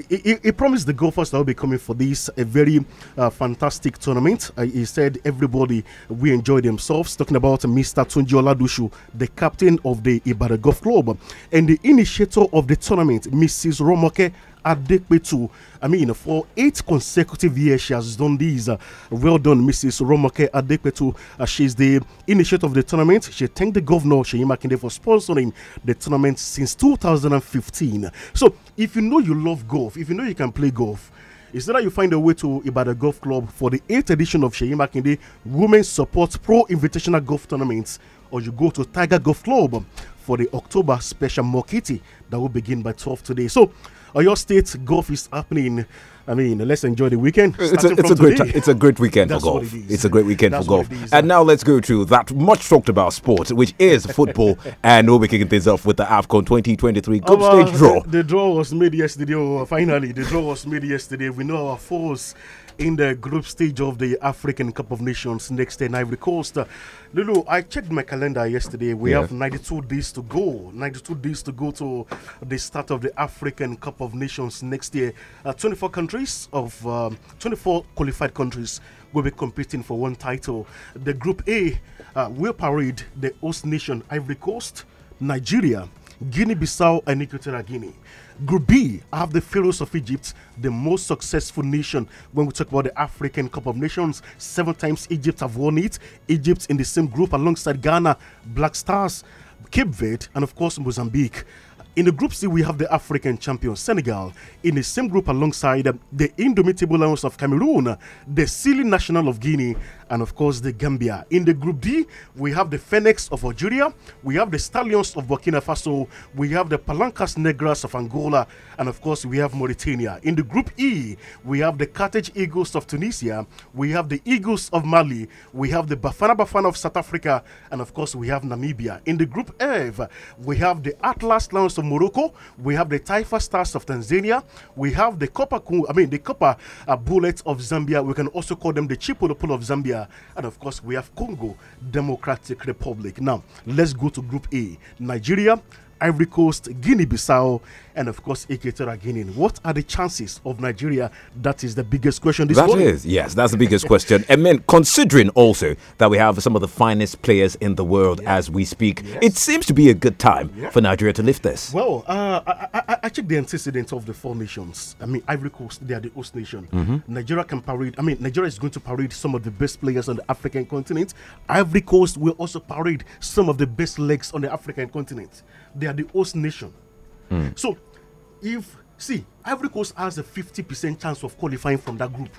Speaker 15: he, he, promised the golfers that will be coming for this a very uh, fantastic tournament. Uh, he said everybody we enjoy themselves. Talking about Mr. Tunji Oladushu, the captain of the Ibadan Golf Club and the initiator of the tournament, Mrs. Romoke Adepetu. I mean, for eight consecutive years, she has done these. Uh, well done, Mrs. Romake Adepetu. Uh, she's the initiator of the tournament. She thanked the governor, Sheyi Makinde, for sponsoring the tournament since 2015. So, if you know you love golf, if you know you can play golf, it's that you find a way to a Golf Club for the 8th edition of Sheyi Makinde Women's Support Pro Invitational Golf Tournament, or you go to Tiger Golf Club for the October special Mokiti that will begin by 12 today. So, Oyo State golf is happening. I mean, let's enjoy the weekend. It's a, it's a great it's a
Speaker 2: great weekend for golf. It it's a great weekend That's for golf. and now let's go to that much talked about sport, which is football, and we'll be kicking things off with the AFCON 2023 group stage draw. The,
Speaker 15: the, draw was made yesterday. Oh, finally, the draw was made yesterday. We know our foes in the group stage of the African Cup of Nations next in Ivory Coast. Lulu, I checked my calendar yesterday. We yeah. have 92 days to go. 92 days to go to the start of the African Cup of Nations next year. Uh, 24 countries of um, 24 qualified countries will be competing for one title. The Group A uh, will parade the host nation Ivory Coast, Nigeria, Guinea-Bissau, and Equatorial Guinea. Group B, I have the Pharaohs of Egypt, the most successful nation. When we talk about the African Cup of Nations, seven times Egypt have won it. Egypt in the same group alongside Ghana, Black Stars, Cape Verde, and of course Mozambique. In the Group C, we have the African champion Senegal in the same group alongside the indomitable Lions of Cameroon, the silly national of Guinea, and of course the Gambia. In the Group D, we have the Phoenix of Algeria, we have the Stallions of Burkina Faso, we have the Palancas Negras of Angola, and of course we have Mauritania. In the Group E, we have the Carthage Eagles of Tunisia, we have the Eagles of Mali, we have the Bafana Bafana of South Africa, and of course we have Namibia. In the Group F, we have the Atlas Lions of Morocco. We have the Taifa Stars of Tanzania. We have the Copper, I mean the Copper uh, Bullets of Zambia. We can also call them the Chipolopolo of Zambia, and of course we have Congo Democratic Republic. Now let's go to Group A: Nigeria, Ivory Coast, Guinea Bissau, and of course Equatorial Guinea. What are the chances of Nigeria? That is the biggest question this that morning. yes,
Speaker 2: that's the biggest question. And then considering also that we have some of the finest players in the world yeah. as we speak, yes. it seems to be a good time yeah. for Nigeria to lift this.
Speaker 15: Well, uh, I, I, I checked the antecedents of the four nations. I mean, Ivory Coast, they are the host nation. Mm -hmm. Nigeria can parade, I mean, Nigeria is going to parade some of the best players on the African continent. Ivory Coast will also parade some of the best legs on the African continent. They are the host nation. Mm. So, if see Ivory Coast has a fifty percent chance of qualifying from that group,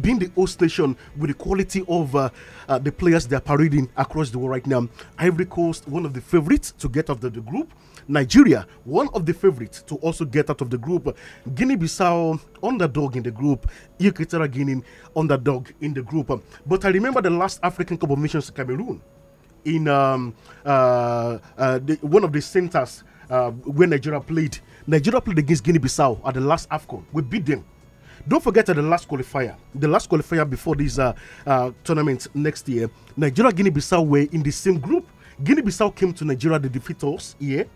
Speaker 15: being the host nation with the quality of uh, uh, the players they are parading across the world right now, Ivory Coast one of the favorites to get out of the group. Nigeria, one of the favorites to also get out of the group. Guinea Bissau, underdog in the group. Equatorial Guinea, underdog in the group. But I remember the last African Cup of Nations Cameroon in um, uh, uh, the, one of the centers uh, where Nigeria played. Nigeria played against Guinea-Bissau at the last AFCON. We beat them. Don't forget at the last qualifier, the last qualifier before this uh, uh, tournament next year, Nigeria Guinea Bissau were in the same group. Guinea Bissau came to Nigeria, they defeat us here.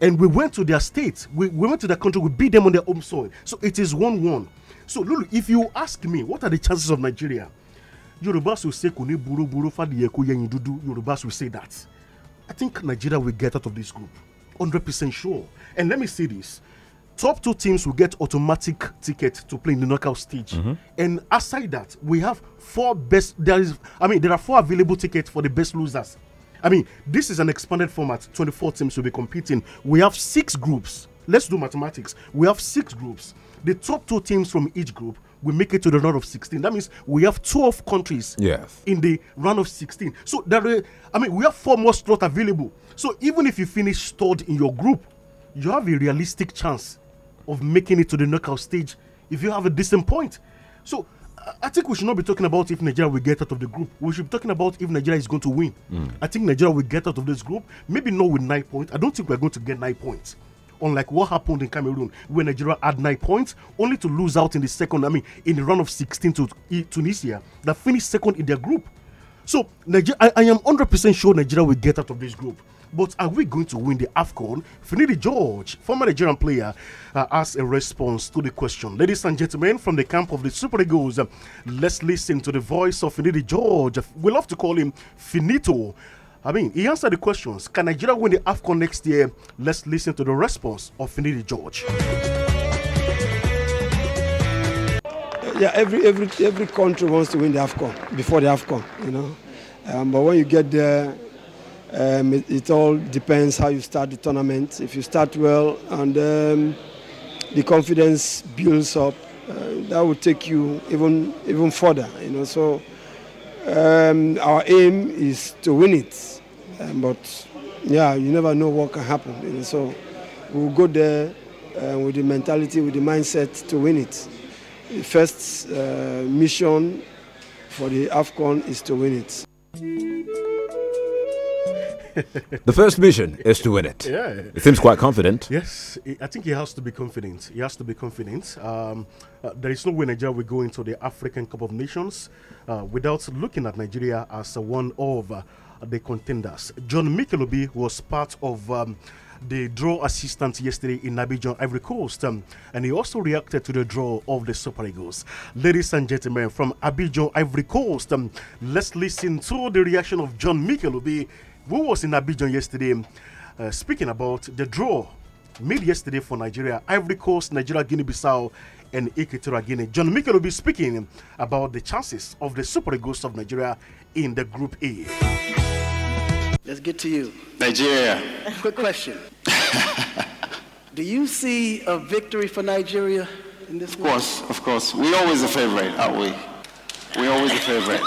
Speaker 15: And we went to their state, we, we went to their country, we beat them on their home soil. So it is 1 1. So, Lulu, if you ask me, what are the chances of Nigeria Yoruba should say kò ní burú burú fàdìyẹ kó yin dúdú Yoruba should say that I think Nigeria will get out of this group hundred percent sure and let me say this top two teams will get automatic ticket to play in the knockout stage. Mm -hmm. And aside that, we have four best. There is, I mean, there are four available tickets for the best losers. I mean, this is an expanded format. Twenty-four teams will be competing. We have six groups. Let's do mathematics. We have six groups. The top two teams from each group we make it to the round of 16. That means we have 12 countries yes. in the round of 16. So there, are, I mean, we have four more slots available. So even if you finish third in your group, you have a realistic chance of making it to the knockout stage if you have a decent point. So I think we should not be talking about if Nigeria will get out of the group. We should be talking about if Nigeria is going to win. Mm. I think Nigeria will get out of this group. Maybe not with nine points. I don't think we're going to get nine points unlike what happened in Cameroon, where Nigeria had nine points, only to lose out in the second, I mean, in the run of 16 to Tunisia, that finished second in their group. So, Nigeria, I, I am 100% sure Nigeria will get out of this group. But are we going to win the AFCON? Finidi George, former Nigerian player, uh, asked a response to the question. Ladies and gentlemen, from the camp of the Super Eagles, uh, let's listen to the voice of Finidi George. We love to call him Finito. I mean, he answered the questions. Can Nigeria win the AFCON next year? Let's listen to the response of Finidi
Speaker 16: George. Yeah, every every every country wants to win the AFCON before the AFCON, you know. Um, but when you get there, um, it, it, all depends how you start the tournament. If you start well and um, the confidence builds up, uh, that will take you even even further, you know. So. Um, our aim is to win it um, but yeah, you never know what can happen. And so we'll go there uh, with the mentality, with the mindset to win it. The first uh, mission for the AFCON is to win it.
Speaker 2: the first mission is to win it. Yeah. It seems quite confident. Yes,
Speaker 15: I think he has to be confident. He has to be confident. Um, uh, there is no way Nigeria will go into the African Cup of Nations uh, without looking at Nigeria as a one over the contenders. John Mikelobi was part of um, the draw assistant yesterday in Abidjan, Ivory Coast, um, and he also reacted to the draw of the Super Eagles. Ladies and gentlemen, from Abidjan, Ivory Coast, um, let's listen to the reaction of John Mikelobi, who was in Abidjan yesterday, uh, speaking about the draw made yesterday for Nigeria, Ivory Coast, Nigeria, Guinea-Bissau, and Equatorial Guinea. John Mikelobi speaking about the chances of the Super Eagles of Nigeria in the Group A.
Speaker 4: Let's get to you.
Speaker 16: Nigeria.
Speaker 15: Quick question. Do you see
Speaker 4: a victory for Nigeria in this Of course,
Speaker 16: of course. We're always the favorite, aren't we? We're always the favorite.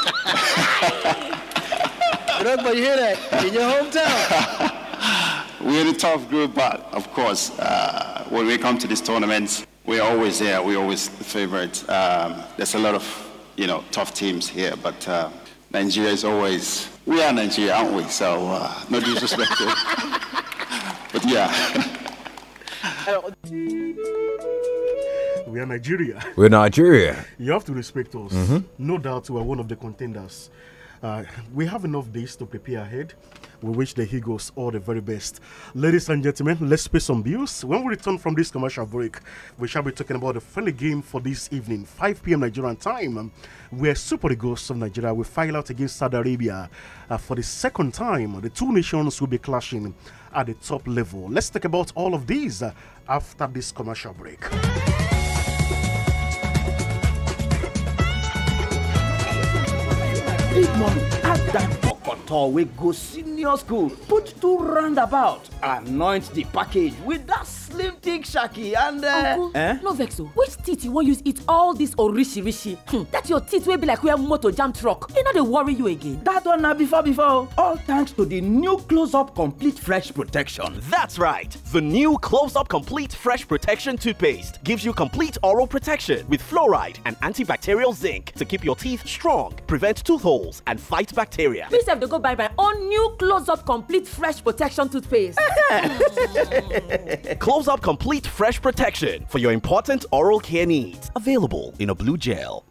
Speaker 16: Remember, you hear that? In your hometown. we're a tough group, but of course, uh, when we come to these tournaments, we're always there. We're always the favorite. Um, there's a lot of, you know, tough teams here, but uh, Nigeria is always, we are Nigeria, aren't we? So, uh, no disrespect. but yeah.
Speaker 15: We are Nigeria. We're Nigeria. You have to respect us. Mm-hmm. No doubt we are one of the contenders. Uh, we have enough days to prepare ahead. We wish the Eagles all the very best. Ladies and gentlemen, let's pay some bills. When we return from this commercial break, we shall be talking about the friendly game for this evening, 5 p.m. Nigerian time, where Super Eagles of Nigeria will file out against Saudi Arabia uh, for the second time. The two nations will be clashing at the top level. Let's talk about all of these uh, after this commercial break.
Speaker 14: Big money. Add
Speaker 4: that. Kotor wey
Speaker 14: go senior school put two roundabout anoint the package with that slim thick shaki
Speaker 9: and. Uh, uncle eh? no vexo. which teeth you want use eat all this rishi? hmm. that your teeth will be like where motor jam truck You know they worry you again. that one now before before all thanks to the
Speaker 14: new close up complete fresh protection. that's right the new close up complete fresh protection toothpaste gives you complete oral protection with fluoride and antibacterial zinc to keep your teeth strong prevent tooth holes and fight bacteria.
Speaker 9: Please sef go buy my own new close up complete fresh protection toothpaste.
Speaker 14: close up complete fresh protection for your important oral care needs. Available in a blue gel.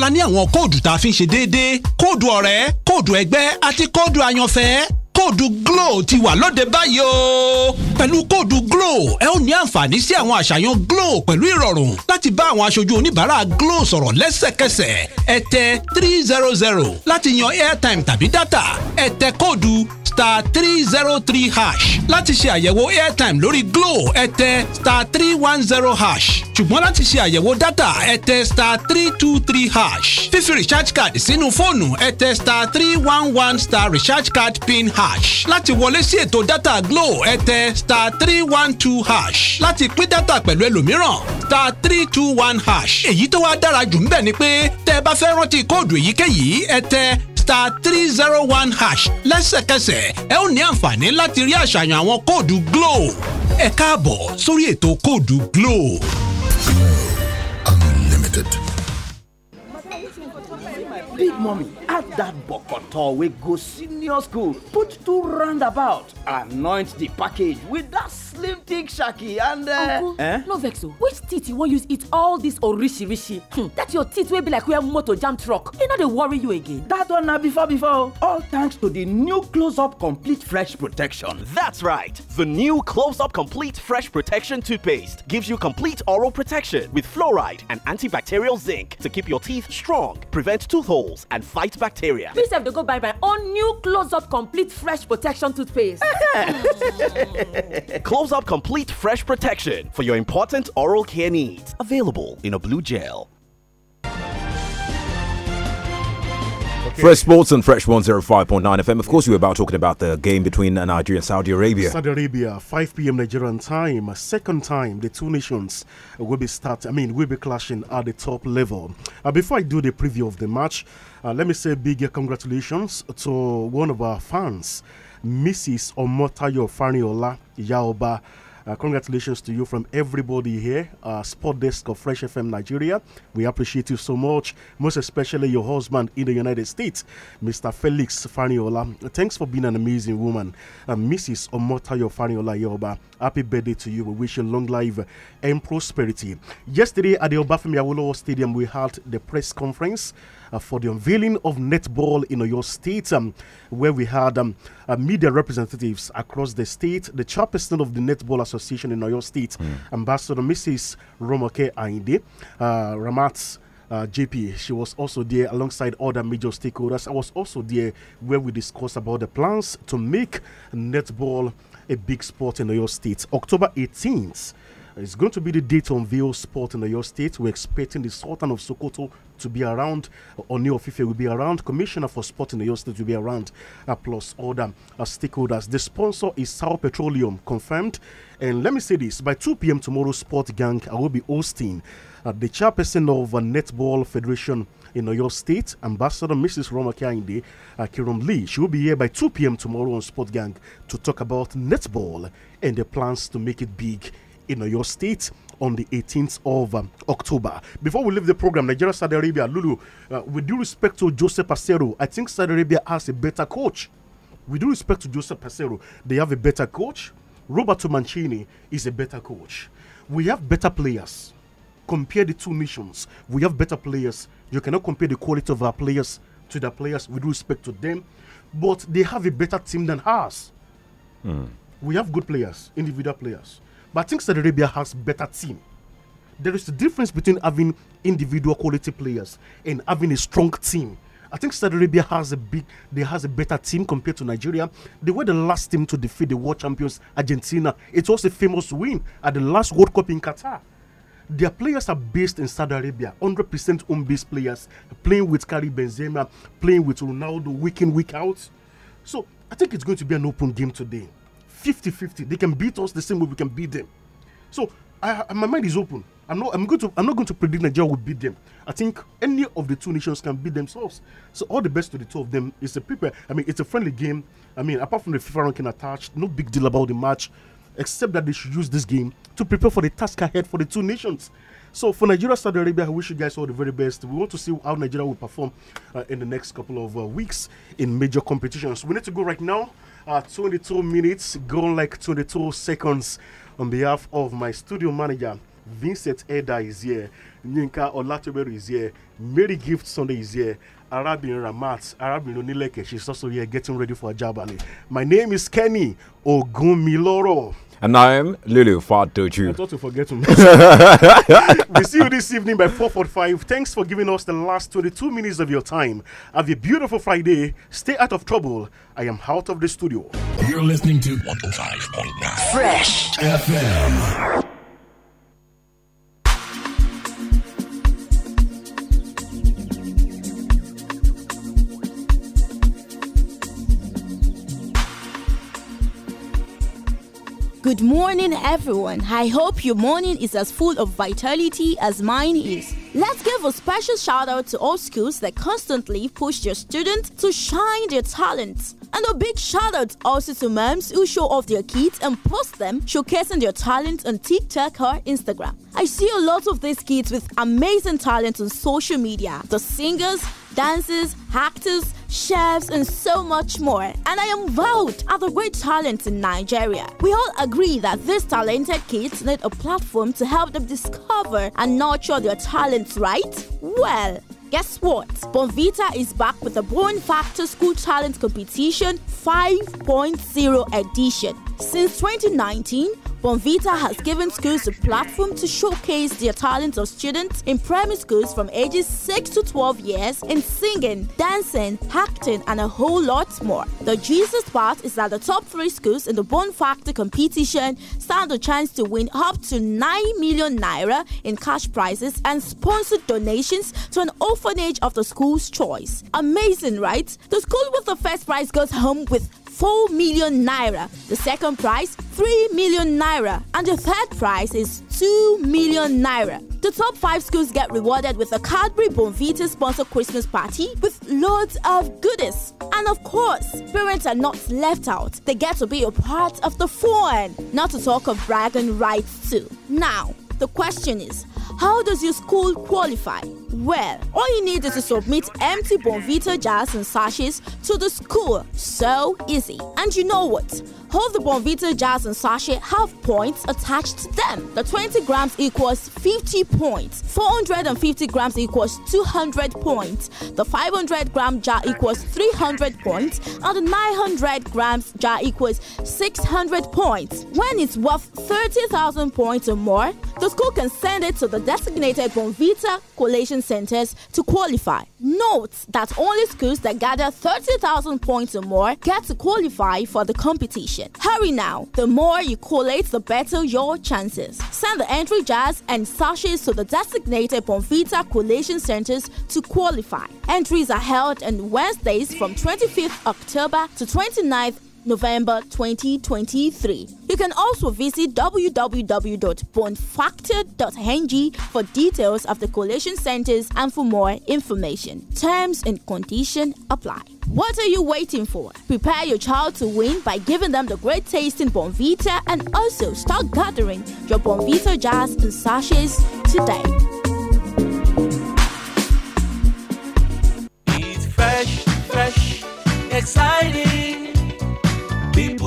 Speaker 17: la ní àwọn kóòdù tá a fi ń ṣe déédéé kóòdù ọ̀rẹ́ kóòdù ẹgbẹ́ àti kóòdù àyànfẹ́ kóòdù glo ti wà lóde báyìí o pẹ̀lú kóòdù GLOW ẹ ó ní àǹfààní sí àwọn àṣàyàn GLOW pẹ̀lú ìrọ̀rùn láti bá àwọn aṣojú oníbàárà GLOW sọ̀rọ̀ lẹ́sẹ̀kẹsẹ̀ ẹ tẹ three zero zero láti yan airtime tàbí data ẹ tẹ kóòdù star three zero three hash láti ṣe àyẹ̀wò airtime lórí GLOW ẹ tẹ star three one zero hash ṣùgbọ́n láti ṣe àyẹ̀wò data ẹ tẹ star three two three hash fífi recharge card sínú fóònù ẹ tẹ star three one one star recharge card pin hash láti wọlé sí ètò data GLOW ẹ tẹ star star three one two hash láti pín dátà pẹ̀lú ẹlòmíràn star three two one hash èyí tó wá dára jù ń bẹ̀ ni pé tẹ́ bá fẹ́ rántí kóòdù èyíkéyìí ẹ tẹ star three zero one hash lẹ́sẹ̀kẹsẹ̀ ẹ ó ní àǹfààní láti rí àṣàyàn àwọn kóòdù glo ẹ káàbọ̀ sórí ètò kóòdù glo. Glo Unlimited.
Speaker 4: big mommy add that
Speaker 14: bokoto we go senior school put two roundabout anoint the package with
Speaker 9: that slim thick shaki and uh, uncle eh? no vex which teeth you want use eat all this orishi hmm That your teeth will be like where motor jam truck you know they worry you again That one na before
Speaker 14: before all thanks to the new close up complete fresh protection that's right the new close up complete fresh protection toothpaste gives you complete oral protection with fluoride and antibacterial zinc to keep your teeth strong prevent tooth hole and fight bacteria.
Speaker 9: Please have to go buy my own new Close Up Complete Fresh Protection toothpaste.
Speaker 14: Close Up Complete Fresh Protection for your important oral care needs. Available in a blue
Speaker 15: gel. Fresh
Speaker 2: Sports and Fresh 105.9 FM. Of course, we were about talking about the game between Nigeria and Saudi Arabia.
Speaker 15: Saudi Arabia, 5 p.m. Nigerian time. Second time, the two nations will be start. I mean, will be clashing at the top level. Uh, before I do the preview of the match, uh, let me say big congratulations to one of our fans, Mrs. Omotayo Faniola Yaoba. Uh, congratulations to you from everybody here, uh, Sport Desk of Fresh FM Nigeria. We appreciate you so much, most especially your husband in the United States, Mr. Felix Faniola. Thanks for being an amazing woman, uh, Mrs. Omotayo Faniola Yoba. Happy birthday to you. We wish you long life and prosperity. Yesterday at the Obafemi Awolowo Stadium, we had the press conference. Uh, for the unveiling of netball in your state, um, where we had um, uh, media representatives across the state, the chairperson of the Netball Association. Association in Oyo State, mm. Ambassador Mrs. Romoke Ainde, uh, Ramat. Uh, JP, she was also there alongside other major stakeholders. I was also there where we discussed about the plans to make netball a big sport in Oyo State. October 18th, it's going to be the date on Vo Sport in your state. We're expecting the Sultan of Sokoto to be around. Oni Ofife will be around. Commissioner for Sport in your state will be around. Uh, plus other uh, stakeholders. The sponsor is Sao Petroleum, confirmed. And let me say this by 2 p.m. tomorrow, Sport Gang, I uh, will be hosting uh, the chairperson of uh, Netball Federation in Your State, Ambassador Mrs. Roma Kainde uh, Kiram Lee. She will be here by 2 p.m. tomorrow on Sport Gang to talk about netball and the plans to make it big in your state on the 18th of um, October. Before we leave the program, Nigeria, Saudi Arabia, Lulu, uh, with due respect to Joseph Acero, I think Saudi Arabia has a better coach. With due respect to Joseph Acero, they have a better coach. Roberto Mancini is a better coach. We have better players. Compare the two nations. We have better players. You cannot compare the quality of our players to the players with respect to them, but they have a better team than us. Mm. We have good players, individual players but I think Saudi Arabia has better team. There is a difference between having individual quality players and having a strong team. I think Saudi Arabia has a big, they has a better team compared to Nigeria. They were the last team to defeat the world champions Argentina. It was a famous win at the last World Cup in Qatar their players are based in Saudi Arabia, 100% home based players, playing with Karim Benzema, playing with Ronaldo week in, week out. So I think it's going to be an open game today. 50 50. They can beat us the same way we can beat them. So I, my mind is open. I'm not. I'm going to. I'm not going to predict Nigeria will beat them. I think any of the two nations can beat themselves. So all the best to the two of them. It's a paper. I mean, it's a friendly game. I mean, apart from the FIFA ranking attached, no big deal about the match, except that they should use this game to prepare for the task ahead for the two nations. So for Nigeria, Saudi Arabia, I wish you guys all the very best. We want to see how Nigeria will perform uh, in the next couple of uh, weeks in major competitions. We need to go right now uh, 22 minutes, gone like 22 seconds. On behalf of my studio manager, Vincent Eda is here, Ninka Olatoberu is here, Mary Gift Sunday is here, Arabin Ramat, Arabin Onileke, she's also here getting ready for job. My name is Kenny Ogumiloro.
Speaker 2: And I am Lulu Fat Tochu. I thought you forget him. we
Speaker 15: see you this evening by 4.45. Thanks for giving us the last 22 minutes of your time. Have a beautiful Friday. Stay out of trouble. I am out of the studio. You're listening to 105.9
Speaker 18: Fresh
Speaker 15: FM.
Speaker 10: Good morning, everyone. I hope your morning is as full of vitality as mine is. Let's give a special shout out to all schools that constantly push their students to shine their talents. And a big shout out also to moms who show off their kids and post them showcasing their talents on TikTok or Instagram. I see a lot of these kids with amazing talents on social media. The singers, dancers, actors, chefs, and so much more. And I am vowed at the great talents in Nigeria. We all agree that these talented kids need a platform to help them discover and nurture their talents, right? Well, Guess what? Bonvita is back with the Born Factor School Talent Competition 5.0 edition. Since 2019, Bonvita has given schools a platform to showcase their talents of students in primary schools from ages 6 to 12 years in singing, dancing, acting, and a whole lot more. The Jesus part is that the top three schools in the Bone Factor competition stand a chance to win up to 9 million naira in cash prizes and sponsored donations to an orphanage of the school's choice. Amazing, right? The school with the first prize goes home with 4 million naira. The second prize, 3 million naira. And the third prize is 2 million naira. The top five schools get rewarded with a Cadbury Bonvita sponsored Christmas party with loads of goodies. And of course, parents are not left out. They get to be a part of the fun, not to talk of bragging rights too. Now, the question is, how does your school qualify? Well, all you need is to submit empty Bonvita jars and sachets to the school. So easy. And you know what? All the Bonvita jars and sachet have points attached to them. The 20 grams equals 50 points. 450 grams equals 200 points. The 500 gram jar equals 300 points. And the 900 grams jar equals 600 points. When it's worth 30,000 points or more, the school can send it to the designated Bonvita collation centers to qualify. Note that only schools that gather 30,000 points or more get to qualify for the competition. Hurry now, the more you collate, the better your chances. Send the entry jars and sashes to the designated Bonfita collation centers to qualify. Entries are held on Wednesdays from 25th October to 29th November 2023. You can also visit www.bondfactor.ng for details of the collation centers and for more information. Terms and condition apply. What are you waiting for? Prepare your child to win by giving them the great taste in Bonvita and also start gathering your Bonvita jars and sachets today.
Speaker 17: Eat fresh, fresh, exciting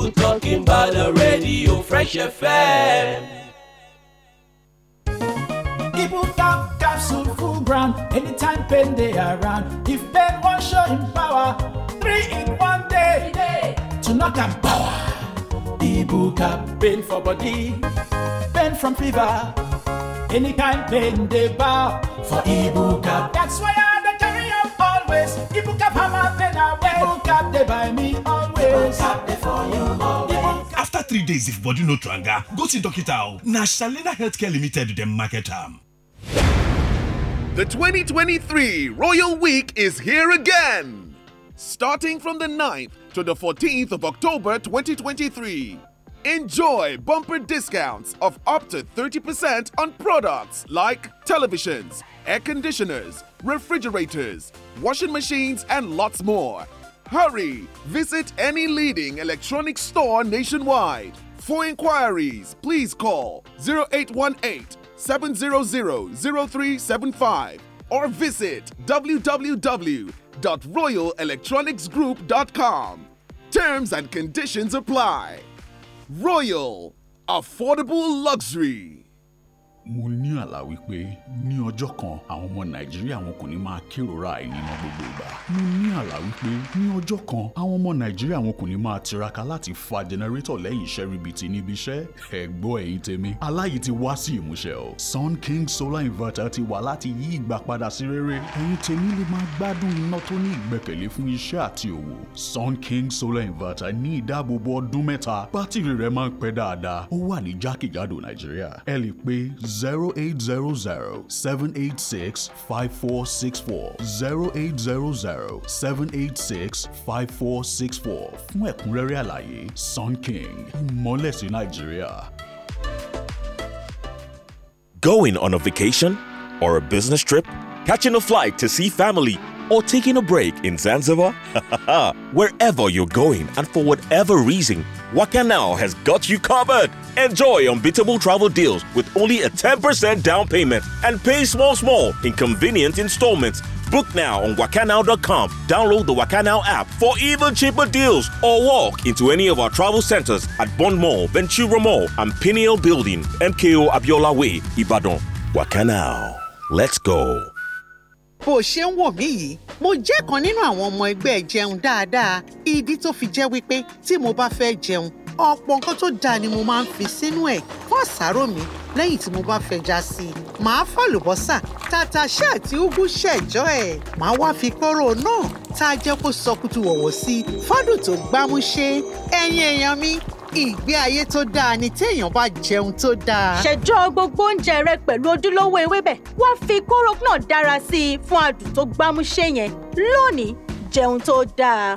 Speaker 17: people talking about the radio, Fresh FM. People tap capsule full ground anytime pen they around. If pen will show him power, three in one day, day. to knock and power. Ibuka pain for body, pain from fever, any kind pain they bow for Ibuka. That's why I carry up always. Ibuka hammer I away. Ibuka
Speaker 3: they buy me all days
Speaker 4: after three days if body no tranga
Speaker 5: go see doctor. o na shalina healthcare limited dem market arm. the 2023 royal week is here again starting from the 9th to the 14th of october 2023 Enjoy bumper discounts of up to 30% on products like televisions, air conditioners, refrigerators, washing machines, and lots more Hurry! Visit any leading electronics store nationwide. For inquiries, please call 0818 700 0375 or visit www.royalelectronicsgroup.com. Terms and conditions apply. Royal Affordable Luxury.
Speaker 15: mo ní àlá wípé ní ọjọ́ kan àwọn ọmọ nàìjíríà wọn kò ní máa kérora àìníná gbogbo ìgbà. mo ní àlá wípé ní ọjọ́ kan àwọn ọmọ nàìjíríà wọn kò ní máa tiraka láti fa jẹnẹrétọ̀ lẹ́yìn iṣẹ́ ribiti níbi iṣẹ́ ẹ̀gbọ́ ẹ̀yìn tèmi. aláyìí ti wá sí ìmúṣẹ o sun king solar inverter ti wà láti yí ìgbà padà sí rere. ẹ̀yin tèmi lè máa gbádùn iná tó ní ìgbẹ́kẹ̀lé fún iṣẹ́ àti òwò. sun king solar inverter ní ìdáàbòbò ọdún mẹ́ta bátìrì rẹ̀ máa ń pẹ́ dáadáa ó 0800 786 5464 0800 fún ẹ̀kúnrẹ́rẹ́ àlàyé Sun King ìmọ̀lẹ́sìn Nàìjíríà.
Speaker 2: Going on a vacation or a business trip? Catching a flight to see family? or taking a break in Zanzibar? Wherever you're going and for whatever reason, Wakanao has got you covered. Enjoy unbeatable travel deals with only a 10% down payment and pay small, small in convenient installments. Book now on wakanao.com. Download the Wakanao app for even cheaper deals or walk into any of our travel centers at Bond Mall, Ventura Mall, and Pineal Building, MKO Abiola Way, Ibadan. Wakanao. Let's go.
Speaker 8: bó ṣe ń wò mí yìí mo jẹ́ kan nínú àwọn ọmọ ẹgbẹ́ jẹun dáadáa ìdí tó fi jẹ́ wípé tí mo bá fẹ́ jẹun ọ̀pọ̀ nǹkan tó dáa ni mo máa ń fi sínú ẹ̀ fún àsáró mi lẹ́yìn tí mo bá fẹja sí i màá fàlùbọ́sà tàtàṣé àti ugu ṣẹ̀jọ́ ẹ̀ màá wá fi kóró náà tá a jẹ́ kó sọkùtù wọ̀wọ̀ sí i fọ́dún tó gbámúṣé ẹ̀yin èèyàn mi ìgbé ayé tó dáa ni téèyàn bá
Speaker 10: jẹun tó dáa. ṣẹjọ gbogbo oúnjẹ rẹ pẹ̀lú ojúlówó ewébẹ̀ wá fi kóró náà dára sí i fún adùn tó gbámúṣé yẹn lónìí jẹun tó dáa.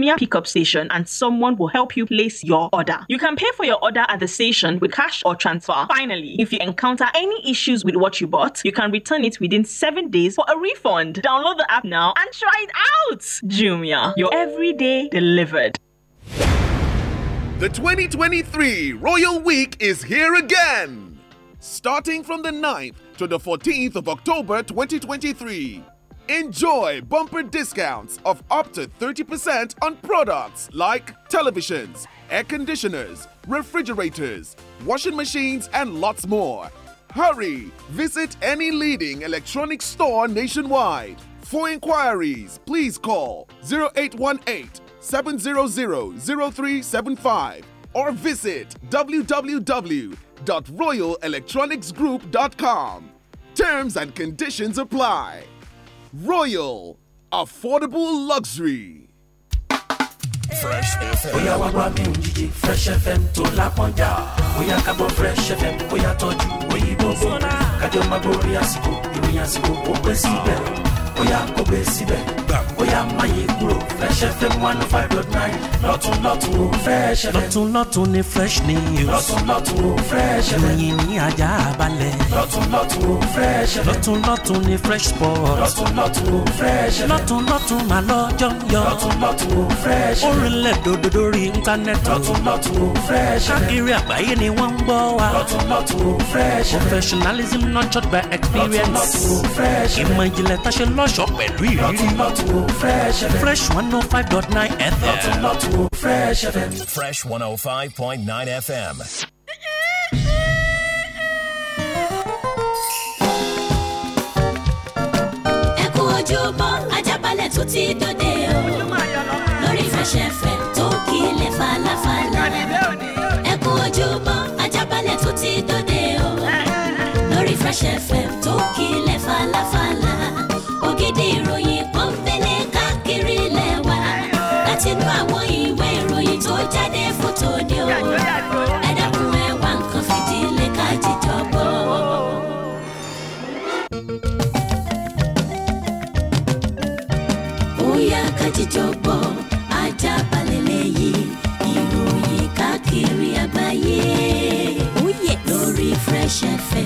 Speaker 6: Jumia pickup station and someone will help you place your order. You can pay for your order at the station with cash or transfer. Finally, if you encounter any issues with what you bought, you can return it within 7 days for a refund. Download the app now and try it out. Jumia, your everyday delivered. The 2023 Royal Week is
Speaker 5: here again. Starting from the 9th to the 14th of October 2023. Enjoy bumper discounts of up to 30% on products like televisions, air conditioners, refrigerators, washing machines, and lots more. Hurry! Visit any leading electronics store nationwide. For inquiries, please call 0818 700 0375 or visit www.royalelectronicsgroup.com. Terms and conditions apply. Royal Affordable Luxury. bóyá wá wá mi ò jíjẹ Fresh FM tó lápọ́njà
Speaker 4: bóyá ká gbọ́ Fresh FM bóyá tọ́jú òyìnbó gbogbo kájọ máa gbórí àsìkò ìròyìn àsìkò ó pẹ́ síbẹ̀ bóyá kò gbé síbẹ̀ bóyá máyé kúrò fresh fm one oh five dot nine lọ́tún ó fresh fm.
Speaker 7: lọ́tún ni fresh news. lọ́tún lọ́tún ó
Speaker 4: fresh fm. ròyìn
Speaker 19: ní ajá balẹ̀.
Speaker 4: lọ́tún lọ́tún ó fresh fm. lọ́tún ni fresh sport. lọ́tún lọ́tún ó fresh fm. lọ́tún
Speaker 3: lọ́tún mà lọ́jọ́ ń yọ. lọ́tún
Speaker 4: lọ́tún ó fresh fm. orinlẹ̀ dòdò lórí íńtánẹ́ẹ̀tì. lọ́tún lọ́tún fresh fm. káàkiri ni wọ́n ń gbọ́ wa. fresh professionalism nurtured by experience. lọ́tún fresh
Speaker 19: fm. ìmọ̀
Speaker 2: ìjìnlẹ̀ lọ́ lọ́ṣọ̀ọ́ pẹ̀lú ìrọ̀tún. lọ́tùnú fresh fm. fresh one oh five dot nine
Speaker 19: fm. lọ́tùnú fresh fm.
Speaker 2: fresh one oh five point nine fm. Oh
Speaker 18: ẹ kú ojúbọ ajábalẹ̀ tó ti dòde o lórí fresh fm tó kílẹ̀ falafala ẹ kú ojúbọ ajábalẹ̀ tó ti dòde o lórí fresh fm tó kílẹ̀ falafala ògìdì ìròyìn kan fẹ́lẹ̀ káàkiri ilẹ̀ wa láti inú àwọn ìwé ìròyìn tó jáde fótó ni o ẹ dákun ẹ wá nǹkan fìdílé ká jíjọ gbọ́. bóyá ká jíjọ gbọ́ ajá balẹ̀ lẹ́yìn ìròyìn káàkiri àgbáyé oh lórí Fresh FM.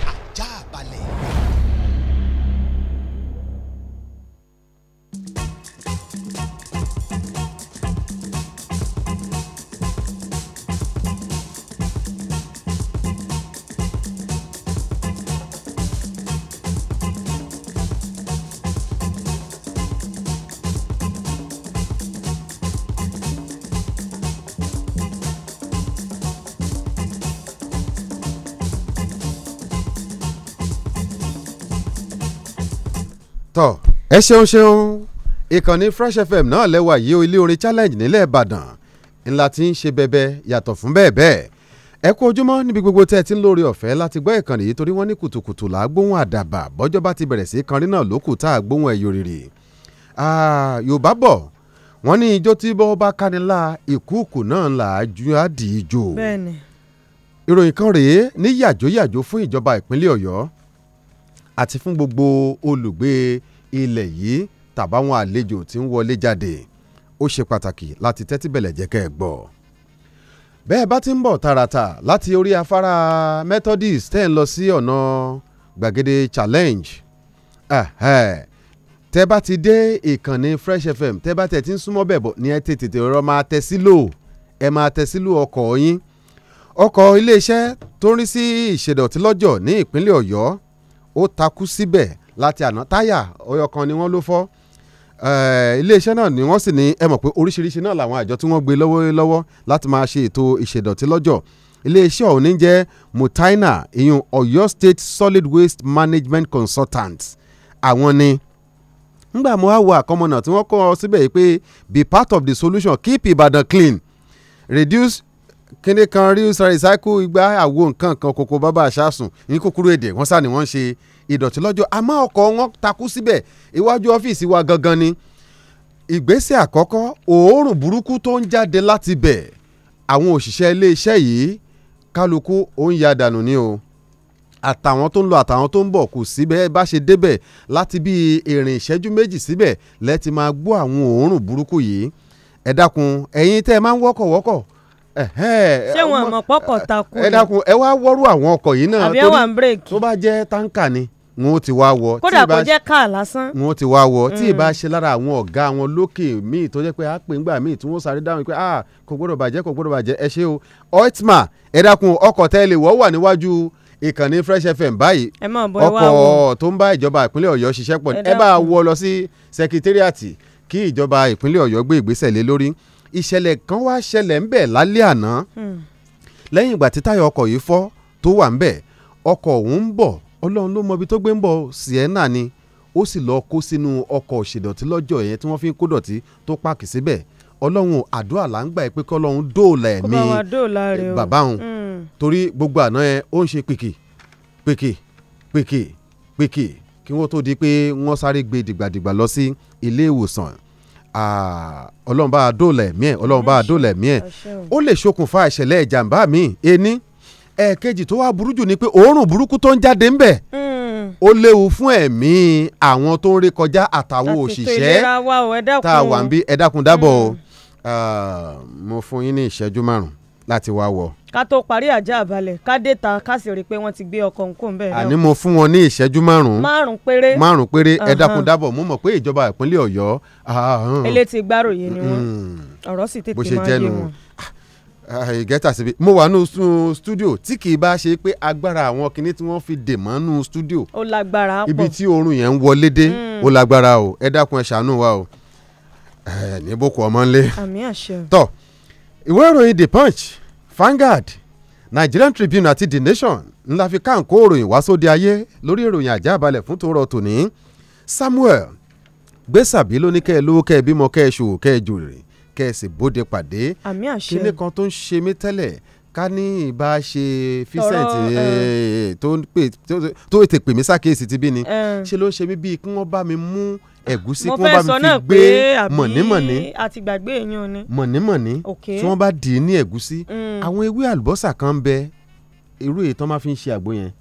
Speaker 16: tọ ẹ ṣeun ṣeun ìkànnì fresh fm náà lẹ́wà yìí ilé orin challenge nílẹ̀ ìbàdàn ńlá tí ń ṣe bẹbẹ yàtọ̀ fún bẹ́ẹ̀ bẹ́ẹ̀ ẹ kú ojúmọ́ níbi gbogbo tẹ́ ẹ ti ń lórí ọ̀fẹ́ láti gbọ́ ìkànnì yìí torí wọ́n ní kùtùkùtù là á gbóhùn àdàbà bọ́jọ́ bá ti bẹ̀rẹ̀ sí kanrin náà lókù tá a gbóhùn ẹ̀yọ rírì yorùbá bọ̀ wọ́n ní ijó tí bọ́ bá káni la ìkúùkù náà là á ju àdì ijó ìròyìn kan rèé ní yàjóyàjó fún ìjọba ìpínlẹ̀ ọ̀yọ́ àti fún gbogbo olùgbé ilẹ̀ yìí tàbáwọn àlejò tí ń wọlé jáde ó ṣe pàtàkì láti tẹ́tí bẹ̀lẹ̀ jẹ́ kẹ́ ẹ gbọ́ bẹ́ẹ̀ bá ti ń bọ̀ tààràtà láti orí afárá Methodist tẹ́ ń lọ sí ọ̀nà gbàgede challenge tẹ́ bá ti dé ìkànnì Fresh FM tẹ́ bá tẹ̀ ti ń súnmọ́ bẹ̀ bọ̀ ni ẹ tètè ọ̀rọ̀ máa tẹ sílò ẹ máa tẹ sílò ọkọ̀ yín ọkọ̀ iléeṣẹ́ tó ń rí sí ìṣèdọ̀tí lọ́jọ̀ ní ìpínlẹ̀ Ọ̀yọ́ ó takú síbẹ̀ láti àná táyà ọyọ kan ni wọ́n ló fọ́ eh, iléeṣẹ́ náà ni wọ́n sì ní ẹ mọ̀ pé oríṣiríṣi náà làwọn àjọ tí wọ́n gbé lọ́wọ́ lọ́wọ́ láti máa ṣe ètò ìṣèdọ̀tí lọ́jọ́ iléeṣẹ́ ọ̀hún ní jẹ́ Mutaina ìyún Ọ̀yọ́ State Solid Waste Management Consultants àwọn ni ngbà mo wá wo àkọmọ̀nà tí wọ́n kọ́ ọ síbẹ̀ yìí pé be part of the solution keep Ibadan clean reduce kíní kan reuse recycle igba àwo nǹkan kan kòkó bàbá àṣàsùn ní kúkúrú èdè wọ́n sá ni wọ́n ń ṣe ìdọ̀tí lọ́jọ́ àmọ́ ọkọ̀ wọn takú síbẹ̀ iwájú ọ́fíìsì wa gangan ni ìgbésẹ̀ àkọ́kọ́ òórùn burúkú tó ń jáde láti bẹ̀ àwọn òṣìṣẹ́ iléeṣẹ́ yìí kálukú ó ń ya dànù ni o àtàwọn tó ń lọ àtàwọn tó ń bọ̀ kù síbẹ̀ bá ṣe débẹ̀ láti bí ìrìn ìṣẹ́jú méjì síbẹ̀ lẹ́ẹ̀ máa gbọ́ àwọn òórùn burúkú yìí ẹ ẹ̀yin tẹ́ ẹ máa ń wọ́kọ̀ ṣé wọn
Speaker 20: mọ̀ pọ́kọ̀ takú ni. ẹ dákun
Speaker 16: ẹ wá wọ́rú àwọn ọkọ̀ yìí náà torí tó bá jẹ́ táǹkà ni n ó ti wá wọ. kódà kò
Speaker 20: jẹ́ káà lásán.
Speaker 16: n ó ti wá wọ tí ì bá mm. ṣe lára àwọn ọ̀gá àwọn lókè míì tó jẹ́ pé a pè ń gbà míì tí wọ́n sáré dáhùn pé ah kò gbọ́dọ̀ bàjẹ́ kò gbọ́dọ̀ bàjẹ́ ẹ ṣé o ọ̀tma ẹ dákun ọkọ̀ tẹ́lẹ̀ wọ́ wà níwájú ìkànnì Fresh FM báyìí
Speaker 20: ọkọ̀
Speaker 16: tó ń bá ìjọba ìpínlẹ̀ Ọ̀yọ́ ṣiṣẹ́ pọ̀ ẹ bá wọ lọ sí sekitariati kí ìjọba ìpínlẹ̀ Ọ̀yọ́ gbé ìgbésẹ̀ lé lórí ìṣẹ̀lẹ̀ kan wá ṣẹlẹ̀ ń bẹ̀ lálẹ́ àná hmm. lẹ́yìn ìgbà tí táyà ọkọ̀ yìí fọ́ tó wà ń bẹ̀ ọkọ̀ ọ̀hún ń bọ̀ ọlọ́run ló mọ ibi tó gbé ń bọ̀ Sienna ni ó sì lọ́ọ́ kó sínú ọkọ̀ òṣèdọ̀tí lọ́jọ́ yẹn tí wọ́n fi ń kó dọ̀tí tó pààkì síbẹ̀ ọlọ́run àdúrà là ń gbà pé kí ọlọ́run dóòlà ẹ̀mí
Speaker 20: bàbá òun hmm.
Speaker 16: torí gbogbo àná yẹn ó ń ṣe pìkì pìkì pìkì pìkì kí wọ́n tó di pé wọ́n sáré gbé dìgbàdìgbà lọ sí ilé ìwòsàn ọlọ́run bá a dóòlà ẹ̀mí ẹ̀ ọlọ́run bá a dóòlà ẹ̀mí ẹ̀ ó lè ṣokùnfà ìṣẹ̀lẹ̀ ìjàmbá mi ení ẹ̀ẹ̀kejì tó wá burú jù ni pé òórùn burúkú tó ń jáde ń bẹ̀ hmm. ó léwu fún ẹ̀mí àwọn tó ń rí kọjá àtàwọn òṣìṣẹ́ tá a wà ń bí ẹ dábọ̀ hmm. mo fún yín ní ìṣẹ́jú márùn-ún láti wá wọ̀.
Speaker 20: ká tó parí àjà àbálẹ̀ ká dé ta ká sì rí i pé wọ́n ti gbé ọkọ̀ nǹkan bẹ́ẹ̀ náà. àní
Speaker 16: mo fún wọn ní ìṣẹ́jú márùn-ún
Speaker 20: márùn-ún péré márùn-ún péré ẹ dákun dábọ̀
Speaker 16: mo mọ̀ pé ìjọba ìpínlẹ̀ ọ̀yọ́. elé
Speaker 20: ti gbáròyé ni wọn mm. ọ̀rọ̀ sì tètè máa yé wọn.
Speaker 16: Ah, ah, ìgẹ́ta síbi mo wà nù stúdíò tí kì í bá ṣe pé agbára àwọn kinní tí wọ́n fi dè mọ́ nù stúdíò.
Speaker 20: Mm.
Speaker 16: o ẹ dákun ẹ o ẹ eh, ní boko ìwé ìròyìn the punch Vanguard Nigerian Tribune àti The Nation ńlá fi káńkó òròyìn wá sóde ayé lórí ìròyìn àjábalẹ̀ fún tòórọ́ tòní Samuel gbèsàbí ló ní kẹ́ ẹ lówó kẹ́ ẹ bímọ kẹ́ ẹ ṣòwò kẹ́ ẹ jòrè kẹ́ ẹ sì bóde pàdé kíní kan tó ń ṣe mí tẹ́lẹ̀ ká ní ìbá ṣe Vincent eh, eh. tó ètè pè mí sákèésì ti bí ni eh. ṣe ló ń ṣe mí bíi kí wọ́n bá mi mú ẹ̀gúsí kí wọ́n bá mi fi gbé mọ̀nímọ̀ní mọ̀nímọ̀ní tí wọ́n bá dì í ní ẹ̀gúsí mm. àwọn ewé àlùbọ́sà kan ń bẹ irú èyí tán máa fi ń ṣe àgbo yẹn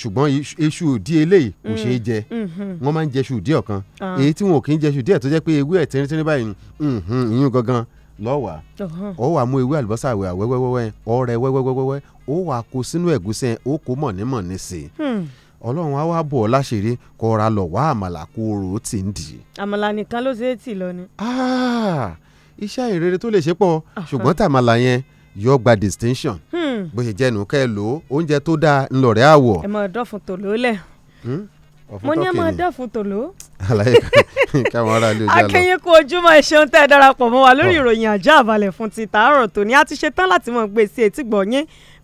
Speaker 16: ṣùgbọ́n iṣu òdí eléyìí kò mm. ṣeé jẹ
Speaker 20: mm-hmm.
Speaker 6: wọ́n
Speaker 16: máa ń jẹ iṣu òdí ọ̀kan ah. èyí tí wọn ò kì í jẹ iṣu òdí ẹ̀ tó jẹ́ pé ewé ẹ̀ tẹ́rẹ́tẹ́rẹ́ báyìí ìyún mm-hmm, gangan lọ́wà ọ uh-huh. wà mú ewé àlùbọ́sà àwẹ̀ àwẹ́wẹ́wẹ́ ọ̀rẹ́ wẹ́wẹ́wẹ́wẹ́ ó wà kó sínú ẹ̀gúsí yẹn ó kó mọ̀nímọ̀ní sí i hmm ọlọ́run á wá bọ̀ ọ́ láṣìírí kó ra lọ wá àmàlà kó rò ó tì ń dì í.
Speaker 20: àmàlà nìkan ló ṣe é tì lọ ni. Ah, iṣẹ́
Speaker 16: ìrere tó lè ṣe pọ̀ ṣùgbọ́n tàmàlà yẹn yóò gba distinction hmm. bó ṣe jẹ́ nù kẹ́ ẹ lò ó oúnjẹ tó dáa ńlọrẹ́ àwọ̀. ẹ
Speaker 20: mọ̀ dọ́fun tòló lẹ̀
Speaker 16: hmm? mo ní ẹ máa
Speaker 20: dẹ́fun tòló.
Speaker 16: àlàyé káwọn ará ilé ojú àlọ.
Speaker 20: akẹ́yìn wa lórí ìròyìn àjọ àbálẹ̀ fún ti tàárọ̀ tòní a ti ṣe tán láti mọ̀ gbé sí etí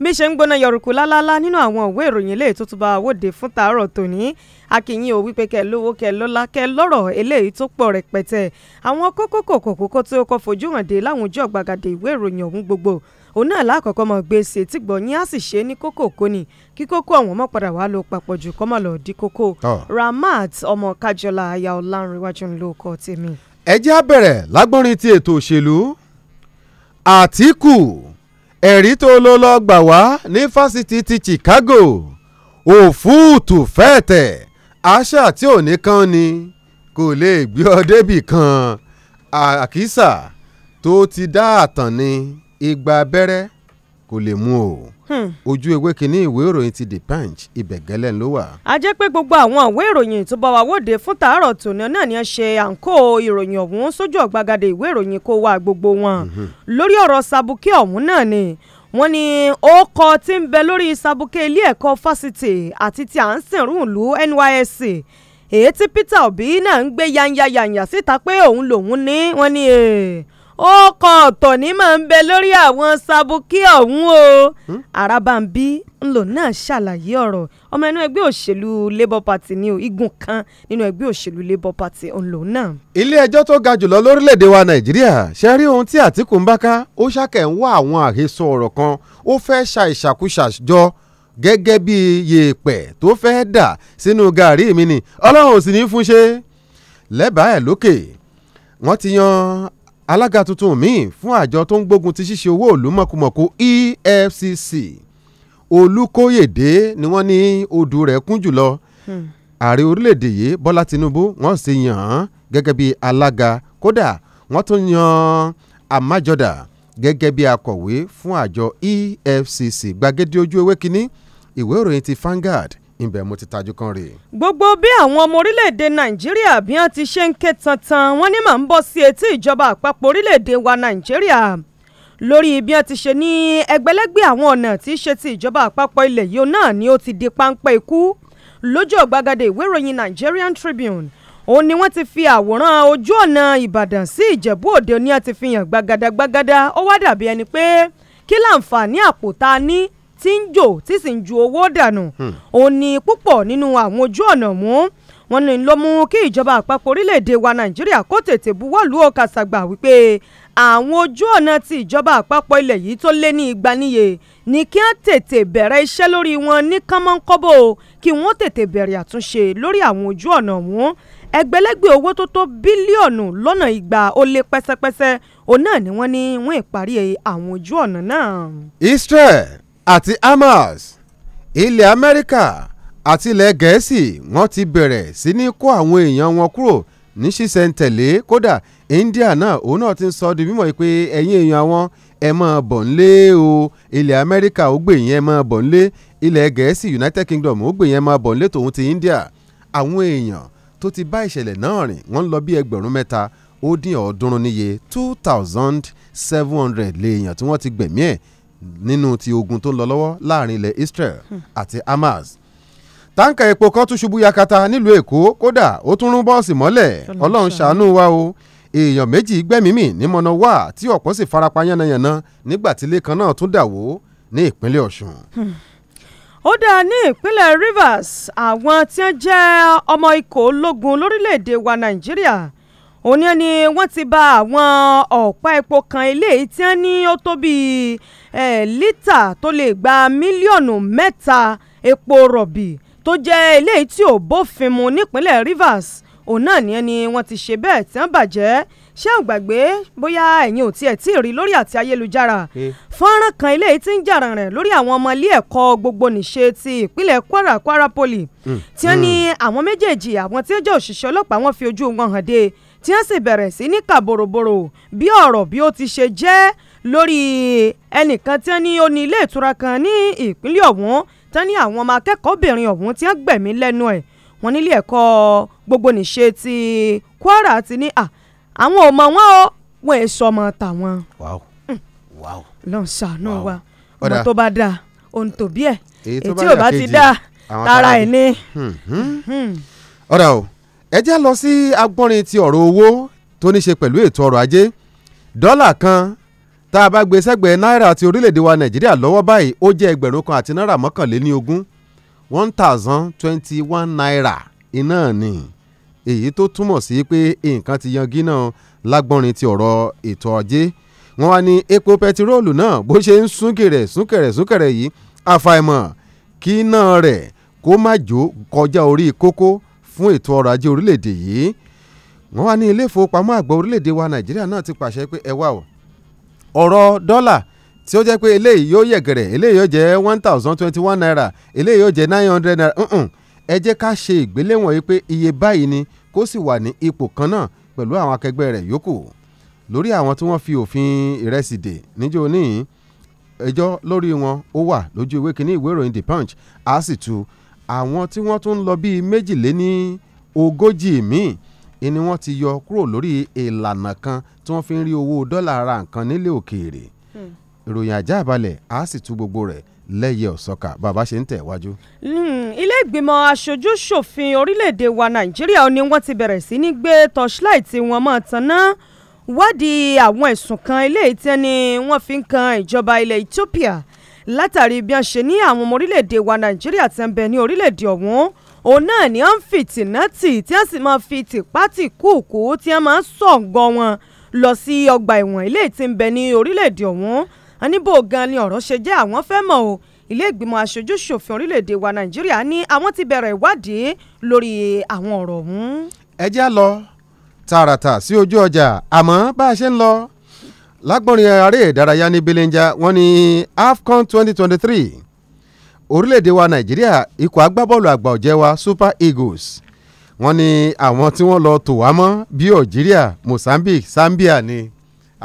Speaker 20: bí ṣe ń gbóná yọrùkú lálálá nínú àwọn òwe ìròyìn eléyìí tó tún bá wòde fún tàárọ̀ tòní akínyìn ò wípé kẹ lówó kẹ lọ́lá kẹ lọ́rọ̀ eléyìí tó pọ̀ rẹpẹtẹ àwọn kókó kòkòkò tí ó kọ fojú hàn dé láwùjọ gbàgàdé ìwé ìròyìn ọ̀hún gbogbo òun náà lákọ̀ọ́kọ́ mọ̀ gbé sí gbọ̀nyìn á sì ṣe ní kókó kóni kí kókó ọ̀hún mọ̀ padà wá lọ papọ̀ jù kọ́mọ̀ lọ di kókó Ramat ọmọ Kájọlá aya Ọlánrewájú ń lo ọkọ tèmi.
Speaker 16: ẹ jẹ́ á bẹ̀rẹ̀ lágbọ́nrin ti ètò òṣèlú Àtíkù ẹ̀rí tó ló lọ gbà wá ní fásitì ti Chicago òfúùtù fẹ́ẹ̀tẹ̀ àṣà tí ò ní kán ni kò lè gbé ọ débì kan àkísà tó ti dá àtàn ní igba abẹ́rẹ́ kó lè mú o. Hmm. ojú ewé kínní ìwé ìròyìn ti The Punch ibẹ̀ gẹ́lẹ́ ló wà.
Speaker 20: a jẹ́ pé gbogbo àwọn ìwé ìròyìn tó bá wa wòde fún tàárọ̀ tòní náà ni a ṣe à ń kó ìròyìn ọ̀hún sójú ọ̀gbagadè ìwé ìròyìn kó wa gbogbo wọn. Mhm. lórí ọ̀rọ̀ sabuké ọ̀hún náà ni wọ́n ní ọkọ̀ tí ń bẹ lórí sabuké ilé ẹ̀kọ́ fásitì àti ti à ń sìnrún ìlú NYSC èyí tí Peter Obi náà ń gbé yanyayanya síta pé òun lòun ní wọ́n ní èè ọkọ̀ ọ̀tọ̀ ní máa ń bẹ lórí àwọn sabuki ọ̀hún o Àràbàǹbí hmm? ńlò náà ṣàlàyé ọ̀rọ̀ ọmọ ẹnu ẹgbẹ́ òṣèlú Labour Party ní igun kan nínú ẹgbẹ́ òṣèlú Labour Party ńlò náà.
Speaker 16: ilé ẹjọ́ tó ga jùlọ lórílẹ̀‐èdè wa Nàìjíríà ṣe rí ohun tí Àtìkù ń bá ká ó ṣàkẹ́ ń wá àwọn àhesọ ọ̀rọ̀ kan ó fẹ́ ṣa ìṣàkúṣà jọ gẹ́gẹ́ bí yèèpẹ̀ tó fẹ́ dà sínú gàárì mi ni Ọlọ́run ò sì ní fún ṣe lẹ́bàá ẹ̀ lókè wọ́n ti yan alága tuntun míì fún àjọ tó ń gbógun ti ṣíṣe owó òlú mọ̀kùmọ̀kù EFCC Olúkóyèdé ni wọ́n ní odù rẹ̀ kún jùlọ hmm. ààrẹ orílẹ̀-èdè yìí Bọ́lá Tinubu wọ́n sì yàn án gẹ́gẹ́ bí alága kódà wọ́n tún yan Amájọdà gẹ́gẹ́ bí akọ̀wé fún àjọ EFCC gbàgede ojú ewé kínní ìwé ìròyìn ti Vanguard ibẹ̀ mo ti tajú kan rè.
Speaker 20: gbogbo bí àwọn ọmọ orílẹ̀-èdè nàìjíríà bí wọ́n ti ṣe ń ké tantan wọ́n ní màá ń bọ́ sí etí ìjọba àpapọ̀ orílẹ̀-èdè wa nàìjíríà lórí bí wọ́n ti ṣe ní ẹgbẹ̀lẹ́gbẹ̀ àwọn ọ̀nà tí í ṣe ti ìjọba àpapọ̀ ilẹ̀ yìí náà ni ó ti di páńpẹ́ ikú lójú ọ̀gbagadè ìwé ìròyìn Nigerian Tribune òun ni wọ́n ti fi àwòrán ojú ọ̀nà Ìbàdàn sí Ìjẹ̀bú Òde ni wọ́n ti fi hàn gbagadagbagada ó wá dàbí ẹni pé kí láǹfààní àpò tá a ní tí ń jò tí sì ń ju owó dànù hmm. òun ni púpọ̀ nínú àwọn ojú ọ̀nà mú wọn ní ló mú kí ìjọba àpapọ̀ orílẹ̀-èdè wa nàìjíríà kó tètè buwọ́lù ọ̀kasàgbà wípé àwọn ojú ọ̀nà tí ìjọba àpapọ̀ ilẹ̀ yìí tó lé ní igba níye ní kí wọ́n tètè bẹ̀rẹ̀ iṣẹ́ lórí wọn ní kánmọ́nkọ́bọ̀ kí wọ́n tètè bẹ̀rẹ̀ àtúnṣe lórí àwọn ojú ọ̀nà wọn ẹgbẹ̀lẹ́gbẹ̀ owó tó tó bílíọ̀nù lọ́nà igba ó lé pẹ́sẹ́pẹ́sẹ́ òun náà ni wọ́n ní wọ́n ìparí àwọn ojú ọ̀nà náà.
Speaker 16: Israel àti Hamas ilẹ̀ Amẹ́ríkà àti ilẹ̀ Gẹ̀ẹ́sì wọ́n ti bẹ̀rẹ̀ sí ní kó àwọn èèyàn wọn kúrò ní ṣísẹ̀ntẹ̀lé kódà India náà òun náà ti ń sọ di mímọ̀ pé ẹ̀yin èèyàn àwọn ẹ máa bọ̀ nílé o ilẹ̀ Amẹ́ríkà ó gbè yín ẹ máa bọ̀ nílé ilẹ̀ Gẹ̀ẹ́sì United Kingdom ó gbè yín ẹ máa bọ̀ nílé tòun ti India àwọn èèyàn tó ti bá ìṣẹ̀lẹ̀ náà rìn wọ́n ń lọ bí ẹgbẹ̀rún mẹ́ta ó dín ọ̀ọ́dúnrún níye two thousand seven hundred lèèyàn tí wọ́n ti gbẹ̀mí ẹ̀ nínú ti ogun tó ń lọ lọ́wọ́ láàrin ilẹ̀ Israel àti Hamas táǹkà epo kan tún ṣubú yakata nílùú Èkó kódà ó tún rún bọ́ọ̀sì mọ́lẹ̀ Ọlọ́run ṣàánú wa o èèyàn méjì gbẹ́mìí-mì ní mọ̀nàwá tí ọ̀pọ̀ sì farapa yánnayànna nígbà tí ilé náà tún dà wó ní ìpínlẹ̀ Ọ̀ṣun.
Speaker 20: Hmm. ó dá ní ìpínlẹ̀ Rivers àwọn tí wọ́n jẹ́ ọmọ ikọ̀ ológun lórílẹ̀‐èdè wa Nàìjíríà òní ni wọ́n ti bá àwọn ọ̀pá epo kan eléyìí tí wọ́n ní ó tó bíi lítà tó lè gba mílíọ̀nù mẹ́ta epo rọ̀bì tó jẹ́ eléyìí tí ò bófin mu nípínlẹ̀ Rivers òun náà ni ẹni wọ́n ti ṣe bẹ́ẹ̀ tí wọ́n bàjẹ́ ṣé ò gbàgbé bóyá ẹ̀yin ò tiẹ̀ tí ì rí lórí àti ayélujára fọ́nrán kan eléyìí tí ń jà rẹ̀ lórí àwọn ọmọ ilé ẹ̀kọ́ gbogbo nìṣe ti ìpínlẹ̀ Kwara Kwara poli hmm. tí wọ́n ní hmm. àwọn méjèèjì àwọn tí ó jẹ́ òṣìṣẹ́ ọlọ́pàá wọn fi ojú wọn hàn dé tí wọ́n sì bẹ̀rẹ̀ sí ní kà bòròbòrò bí ọ̀rọ̀ bí ó ti ṣe jẹ́ lórí ẹnìkan tí wọ́n ní ó ní ilé ìtura kan ní ìpínlẹ̀ ọ̀hún tí wọ́n ní àwọn ọmọ akẹ́kọ̀ọ́bìnrin ọ̀hún tí wọ́n gbẹ̀mí lẹ́nu ẹ̀ wọ́n nílé ẹ̀kọ́ gbogbonìṣe ti Kwara ti ní àwọn ò mọ̀ wọ́n o wọ́n ẹ̀ sọmọ tàwọn. wàá hmm. wàá lọ́n ṣàánú wa ọmọ tó bá dáa ohun tó bí ẹ̀ èyí tí ò bá ti dáa tara ẹ̀ ni. ọ̀dà
Speaker 16: hmm, hmm. o ẹ já lọ sí agbọ́nrin ti ọ̀rọ̀ owó tó ní ṣe pẹ̀lú ètò ọrọ̀ ajé dọ́là kan tá a bá gbé sẹ́gbẹ̀ẹ́ náírà ti orílẹ̀-èdè wa nàìjíríà lọ́wọ́ báyìí ó jẹ́ ẹgbẹ̀rún kan àti náírà mọ́kànléní ogún one thousand twenty one naira iná ni èyí tó túmọ̀ sí pé nǹkan ti yangí náà lágbọ́nrin ti ọ̀rọ̀ ètò ọjẹ́ wọn wá ní epo pẹtiróòlù náà bó ṣe ń súnkẹrẹ súnkẹrẹ súnkẹrẹ yìí àfàìmọ̀ kí náà rẹ̀ kó má jó kọjá orí kókó fún ètò ọrọ̀ ajé orílẹ̀-èdè yìí wọ́n wá ní ilé ìfowópamọ́ àgbà orílẹ̀-èdè wa nàìjíríà náà ti pàṣẹ pé ẹ wá o ọ̀rọ̀ dọ́là tí ó jẹ́ pé eléyìí yóò yẹ̀gẹ̀rẹ̀ eléyìí yóò jẹ́ one thousand twenty one naira eléyìí yóò jẹ́ nine hundred naira ǹǹ ẹ jẹ́ ká ṣe ìgbéléwọ̀n yìí pé iye báyìí ni kó sì wà ní ipò kan náà pẹ̀lú àwọn akẹgbẹ́ rẹ̀ yòókù lórí àwọn tí wọ́n fi òfin ìrẹsì dè níjó níyìn ẹjọ́ lórí wọn ó wà lójú ìwé kínní ìwé ìròyìn The Punch a sì tu àwọn tí wọ́n tún lọ bíi méjìléní ogójì míì ni wọ́n ti yọ kúrò lórí ìlànà kan tí wọ́n fi ń rí owó dọ́là ra nǹkan nílé òkèèrè hmm. ìròyìn ajá àbálẹ̀ á sì tú gbogbo rẹ̀ lẹ́yẹ ọ̀sọ́ka bàbá ṣe ń tẹ̀ wájú.
Speaker 20: Hmm, ilé ìgbìmọ̀ aṣojú ṣòfin orílẹ̀-èdè wa nàìjíríà ni wọ́n ti bẹ̀rẹ̀ sí ní gbé torchlight wọn mọ́ tanná wádìí àwọn ẹ̀sùn kan eléyìí tí wọ́n fi ń kan ìjọba ilẹ̀ Ethiopia látàrí bí wọ́n ṣe ní àwọn ọmọ orílẹ̀-èdè wa nàìjíríà ti ń bẹ ní orílẹ̀-èdè ọ̀hún òun náà ni wọ́n ń fi tìǹtì tí wọ́n sì máa fi tìpátì kúùkú tí wọ́n máa ń sọ̀ǹgọ́ wọn lọ sí ọgbà ẹ̀wọ̀n ilé tí ń bẹ ní orílẹ̀-èdè ọ̀hún aníbò gan ni ọ̀rọ̀ ṣe jẹ́ àwọn fẹ́ mọ̀ o ilé ìgbìmọ̀ aṣojú ṣòfin orílẹ̀-èdè wa nàìjíríà ní àwọn ti bẹ̀rẹ̀ ìwádìí lórí àwọn ọ̀rọ̀ ọ̀hún. ẹ já lọ
Speaker 16: tààràtà sí ojú ọjà àmọ́ bá a ṣe ń lọ lágbọ́nrin aré ìdárayá ní belenja wọ́n ní afcon 2023, twenty three orílẹ̀-èdè wa nàìjíríà ikọ̀ agbábọ́ọ̀lù àgbà ọ̀jẹ̀ wa super eagles wọ́n ní àwọn tí wọ́n lọ tò wá mọ́ bíi algeria mozambique zambia ni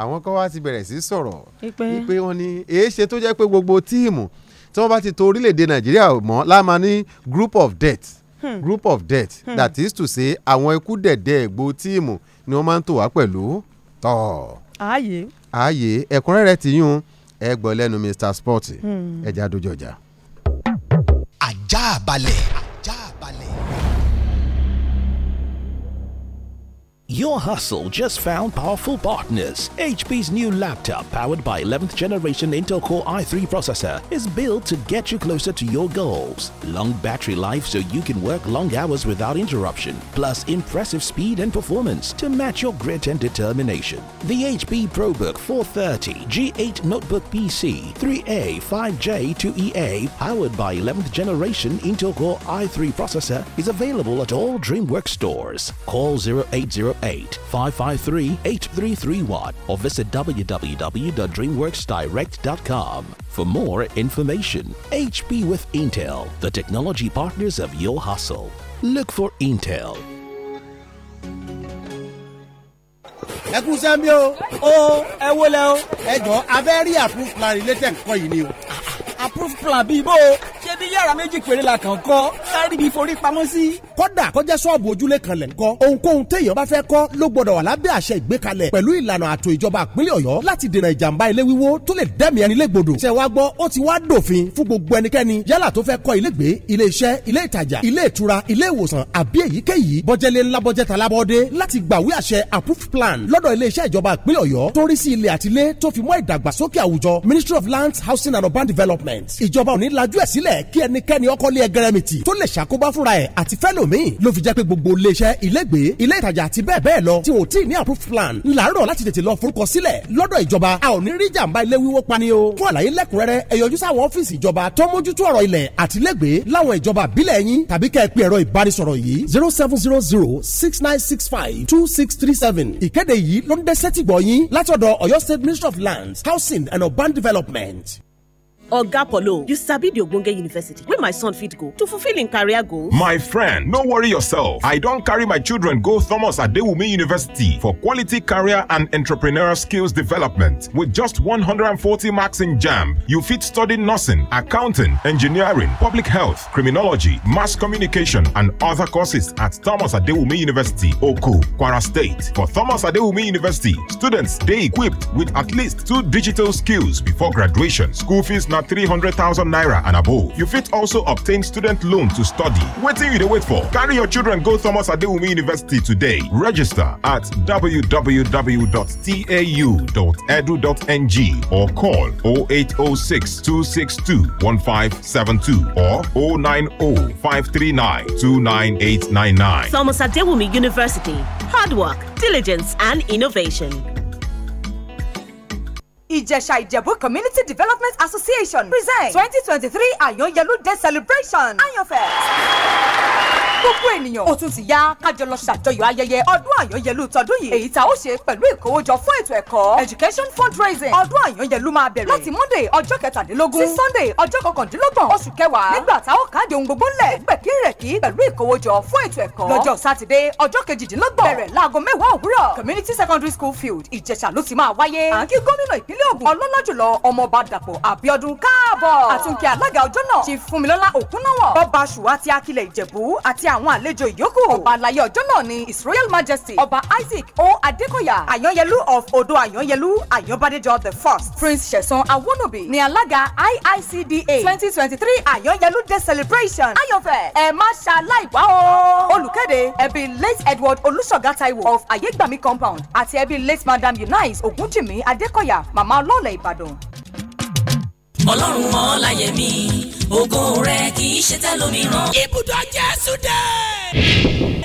Speaker 16: àwọn kan wá ti bẹ̀rẹ̀ sí sọ̀rọ̀ wípé wọ́n ní èéṣe tó jẹ́ pé gbogbo tíìmù tí wọ́n bá ti tò orílẹ̀-èdè nàìjíríà mọ́ láàmà ní group of death hmm. group of death hmm. that is to say àwọn ikú dẹ̀dẹ̀ ègbò tíìmù ni wọ́n máa ń tò wá pẹ̀lú tọ̀. ààyè ààyè ẹ̀kúnrẹ́rẹ́ ti yún ẹ gbọ́ lẹ́nu Mr Sport hmm. ẹ̀já dojú ọjà.
Speaker 17: ajá balẹ̀. Your hustle just found powerful partners. HP's new
Speaker 2: laptop, powered by 11th generation Intel Core i3 processor, is built to get you closer to your goals. Long battery life so you can work long hours without interruption, plus impressive speed and performance to match your grit and determination. The HP ProBook 430 G8 Notebook PC 3A 5J 2EA, powered by 11th generation Intel Core i3 processor, is available at all DreamWorks stores. Call 080 553-8331 or visit www.dreamworksdirect.com for more information. HP with Intel, the technology partners of your hustle. Look for Intel.
Speaker 4: ẹ kú ẹ wọlé o ẹ jọ abẹ́rẹ́ àfúnfúnra related kọ́ yìí ni o. approve plan bíi bó o
Speaker 13: ṣe bí yàrá méjì péré la
Speaker 4: kàn kọ́ kárí bíi forí pamọ́ sí. kódà kọjá sọ́ọ̀bù ojúlé kan lẹ̀ ń kọ́ ohunkóhun téèyàn bá fẹ́ kọ́ ló gbọ́dọ̀ wà lábẹ́ àṣẹ ìgbékalẹ̀ pẹ̀lú ìlànà àtò ìjọba àpínlẹ̀ ọ̀yọ́ láti dènà ìjàmbá ilé wíwó tó lè dẹ́mi ẹni légbodò. ṣé wàá gbọ́ ó ti wá dòfin fún gbogbo ẹnikẹ́ni yálà tó fẹ́ kọ́ ilé gbé ilé iṣẹ́ plan lọ́dọ̀ ilé iṣẹ́ ìjọba àpínlẹ̀ ọ̀yọ́ torí sí ilé àtilé tó Ministry of Lands Housing and Urban Development development. ìjọba ò ní lajú ẹ̀ sílẹ̀ kí ẹnikẹ́ni ọkọ lé ẹgẹrẹmìtì tó lè ṣàkóbá fúnra ẹ̀ àti fẹ́lòmíì ló fi jẹ́ pé gbogbo iléeṣẹ́ ilégbèé ilé ìtajà àti bẹ́ẹ̀ bẹ́ẹ̀ lọ tí wọn ò ní approved plan ńlá rọ̀ láti tètè lọ forúkọ sílẹ̀ lọ́dọ̀ ìjọba a ò ní rí jàǹbá ilé wíwó pani o. fún àlàyé lẹ́kùnrẹ́rẹ́ ẹ yọjú sáwọn ọ́fíìsì ìjọba tó mójútó ọ̀rọ̀ ilẹ̀ àti ilégbèé láwọn ìjọba àbílẹ̀ yín tàbí kẹ́ ẹ pe ẹ̀rọ ìbánisọ̀rọ̀ yìí zero seven zero zero six nine six five two six three seven. ìkéde yìí ló ń dẹ́sẹ́tìgbọ̀ yín látọ̀dọ̀ Ọ̀yọ́ State Ministry
Speaker 6: of Lands, Housing and Urban Development. oga polo you sabi di ogbonge university Where my son fit go to fulfill im career goals. my
Speaker 5: friend no worry yourself i don't carry my children go thomas adewumi university for quality career and entrepreneurial skills development with just 140 marks in jamb you fit study nursing accounting engineering public health criminology mass communication and other courses at thomas adewumi university oku kwara state for thomas adewumi university students stay equipped with at least two digital skills before graduation school fees than 300,000 naira and above. You fit also obtain student loan to study. What are you to wait for? Carry your children go Thomas Adewumi University today. Register at www.tau.edu.ng or call 0806 262 1572 or 090 539
Speaker 6: Thomas Adewumi University. Hard work, diligence, and innovation.
Speaker 9: Ìjẹ̀ṣà Ìjẹ̀bú Community Development Association present twenty twenty three Àyànyẹlú Day celebration Ayanfest. Gbogbo ènìyàn ó tún ti yá kájọ lọ ṣàjọyọ̀ ayẹyẹ ọdún Àyànyẹlú tọdún yìí. Èyí tá ó ṣe pẹ̀lú ìkówójọ fún ètò ẹ̀kọ́ education fundraising ọdún Àyànyẹlú máa bẹ̀rẹ̀ láti Monday ọjọ́ kẹtàdínlógún sí Sunday ọjọ́ kọkàndínlógún oṣù kẹwàá nígbà tá ó káàdì ohun gbogbo ńlẹ̀ gbẹ̀kírẹ̀kí pẹ̀lú ìkówójọ fún ètò ẹ̀kọ́. Lọ́jọ́ Sátidé ọjọ́ kejìdínlógún bẹ̀rẹ̀ láago mẹ́wàá Community Secondary School Field Ìjẹ̀ṣà ló ti máa wáyé. À ń kí ìpínlẹ̀ Ògùn ọlọ́lá jùlọ ọmọọba Dàpọ̀ Abíọ́dún káàbọ̀ àtúnkẹ́ alága ọjọ́ náà Chief Fúnmilọ́lá Òkúnnáwọ̀ ọba àṣùwà ti akilẹ̀ Ìjẹ̀bú àti àwọn àlejò ìyókù ọba àlàyé ọjọ́ náà ni His Royal Majesty ọba Isaac O Adékọ̀yà àyànyẹlú of Odo àyànyẹlú àyànbádéjọ the first Prince Ṣẹ̀san Awónòbí ni alága IICDA twenty twenty three àyànyẹlú day celebration ayọ̀fẹ́ ẹ má ṣaláìwá o olùkéde ẹbí late Edward Olúṣọ̀gá Táíwò of Ayégbàmí compound àti ẹbí late Madam Eunice Ògúnjìmí Adékọ̀yà Mama. ma lo lei
Speaker 18: ọlọ́run mọ́ láyé mi ògo rẹ kì
Speaker 19: í ṣe tẹ́lómìíràn. ibùdó jésù dé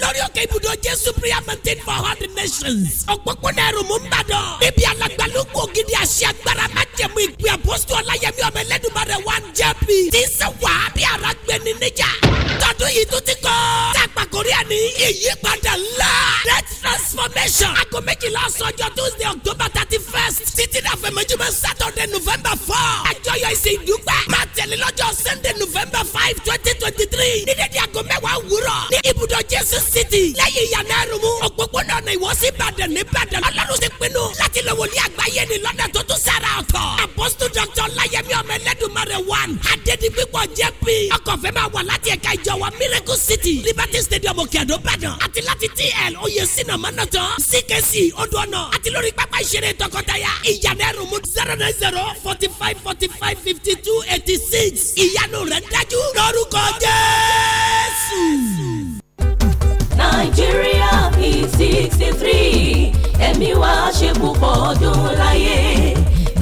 Speaker 19: lórí òkè ibùdó jésù prayer mountain for all the nations. òpópónà ẹrù mú nbàdàn. bíbí alágbàlókù ògidì àṣẹ agbára májẹ̀mú ìpè àpòsù ọláyẹmí ọmọ ẹlẹ́dùnmọ́rẹ̀ one jp. tí sẹ́ wà á bí ara gbẹni níjà. tọdún yìí tó ti kọ́. tàgbà kórè ni ìyípadà ńlá. great transformation. aago méjìlá ọ̀sán ọjọ́ tuesday october thirty first. títí náà fẹ̀mẹ́júmọ́ saturday november four. àjọyọ̀ ìsì ìdúpẹ́ máa tẹ̀lé lọ́jọ́ sunday november five twenty twenty three ní dédé aago mẹ́wàá òwúrọ̀ ní ibùdó jésù city lẹ́yìn ìyànà ẹrùmú òpópónà ọ̀nà ìwọ́sí ìbàdàn ní ìbàdàn ọlọ́run ti pinnu láti lọ wòlíì àgbáyé ní lọ́nà tó tún sára ọ̀tọ̀ apostle doctor ọláyẹmí ọmọ ẹlẹ́dùnmarè one adédìpípọ̀ jp ọkọ̀ fẹ́ máa wà láti ẹ̀ka ìjọ wa miracle city liberty stadium òkèdó ìbàdàn àti láti tl oyè sinna mọ́nàtọ́ ckc odò ọ̀nà àti lórí pápá ìṣeré tọkọtaya ìyànà ẹrùmú zero nine zero forty five forty five fifty two eighty six ìyanu rẹ̀ dájú lórúkọ Jésù. Nàìjíríà
Speaker 18: p sixty three ẹ̀mí wa ṣe púpọ̀ ọdún láyé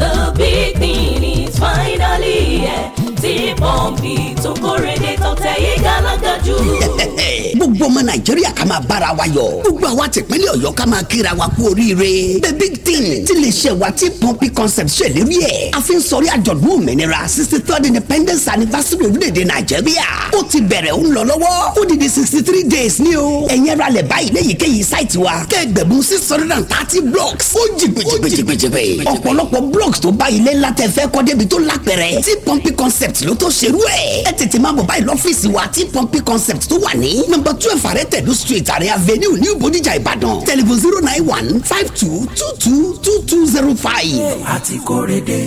Speaker 18: the big thing is finally here. Yeah tí pọ́ǹpì tó kórè ní tọ̀tẹ̀ yìí gàlágà jù.
Speaker 8: gbogbo ọmọ nàìjíríà ká máa bára wa yọ gbogbo àwa tìpínlẹ̀ ọ̀yọ́ ká máa kíra wa kú oríire the big thing ti lè ṣe wa tí pọ́ǹpì concept ṣe lérí ẹ̀ a fi ń àjọ̀dún òmìnira sixty third independence anniversary orílẹ̀-èdè nàìjíríà ó ti bẹ̀rẹ̀ ó ń lọ lọ́wọ́ ó di di sixty three days ní o ẹ̀yin ara lẹ̀ báyìí léyìíkéyìí sáìtì wa kẹ́gbẹ̀bùn six hundred and thirty blocks ó jì gbèjìgbèjìgbèjìgbè ọ̀pọ̀lọpọ̀ blocks tó báyìí lẹ́ńlá tẹ fẹ́ kọ́ débi tó lápẹ̀rẹ̀ concept concept ló tó ṣerú ẹ̀. ẹ tètè máa bọ̀ báyìí lọ́fíìsì wa tí pọ́ńpì concept tó wà ní. nọmba twelve àrẹ tẹ̀lú street àrẹ avenue new bodijà ìbàdàn tẹlifon zero nine one five two two two two two zero five.
Speaker 19: àti kórede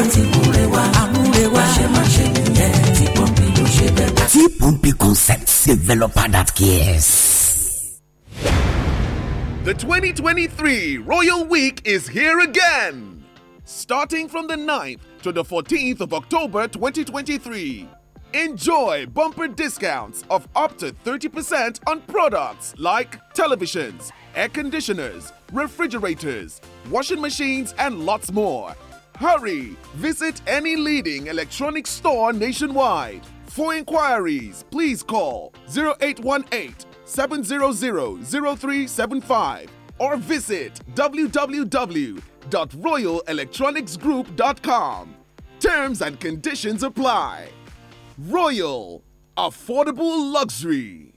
Speaker 19: àti múrewa àmúrewa ṣe má ṣe nìyẹn tí pọ́ńpì ló ṣe bẹ́ẹ̀. tí pọ́ńpì concept developer that cares.
Speaker 5: The 2023 Royal Week is here again. Starting from the 9th to the 14th of October 2023. Enjoy bumper discounts of up to 30% on products like televisions, air conditioners, refrigerators, washing machines, and lots more. Hurry! Visit any leading electronics store nationwide. For inquiries, please call 0818 700 0375 or visit www.royalelectronicsgroup.com. Terms and conditions apply. Royal Affordable Luxury.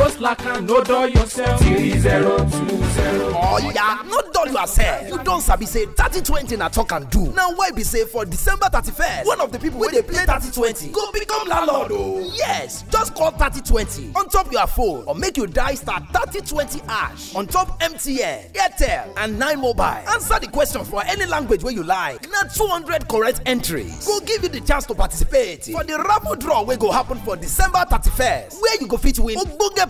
Speaker 5: Just slack and no dull
Speaker 14: yourself. Three zero two zero. Oh yeah, no dull yourself. You don sabi say thirty twenty na talk and do. Now why be say for December thirty first, one of the people wey dey play thirty twenty go become landlord o. Oh? Yes, just call thirty twenty on top your phone or make you die start thirty twenty ash on top MTN, Airtel and Nine Mobile. Answer the question for any language wey you like. Na two hundred correct entries go give you the chance to participate for the raffle draw wey go happen for December thirty first, where you go fit win ogbonge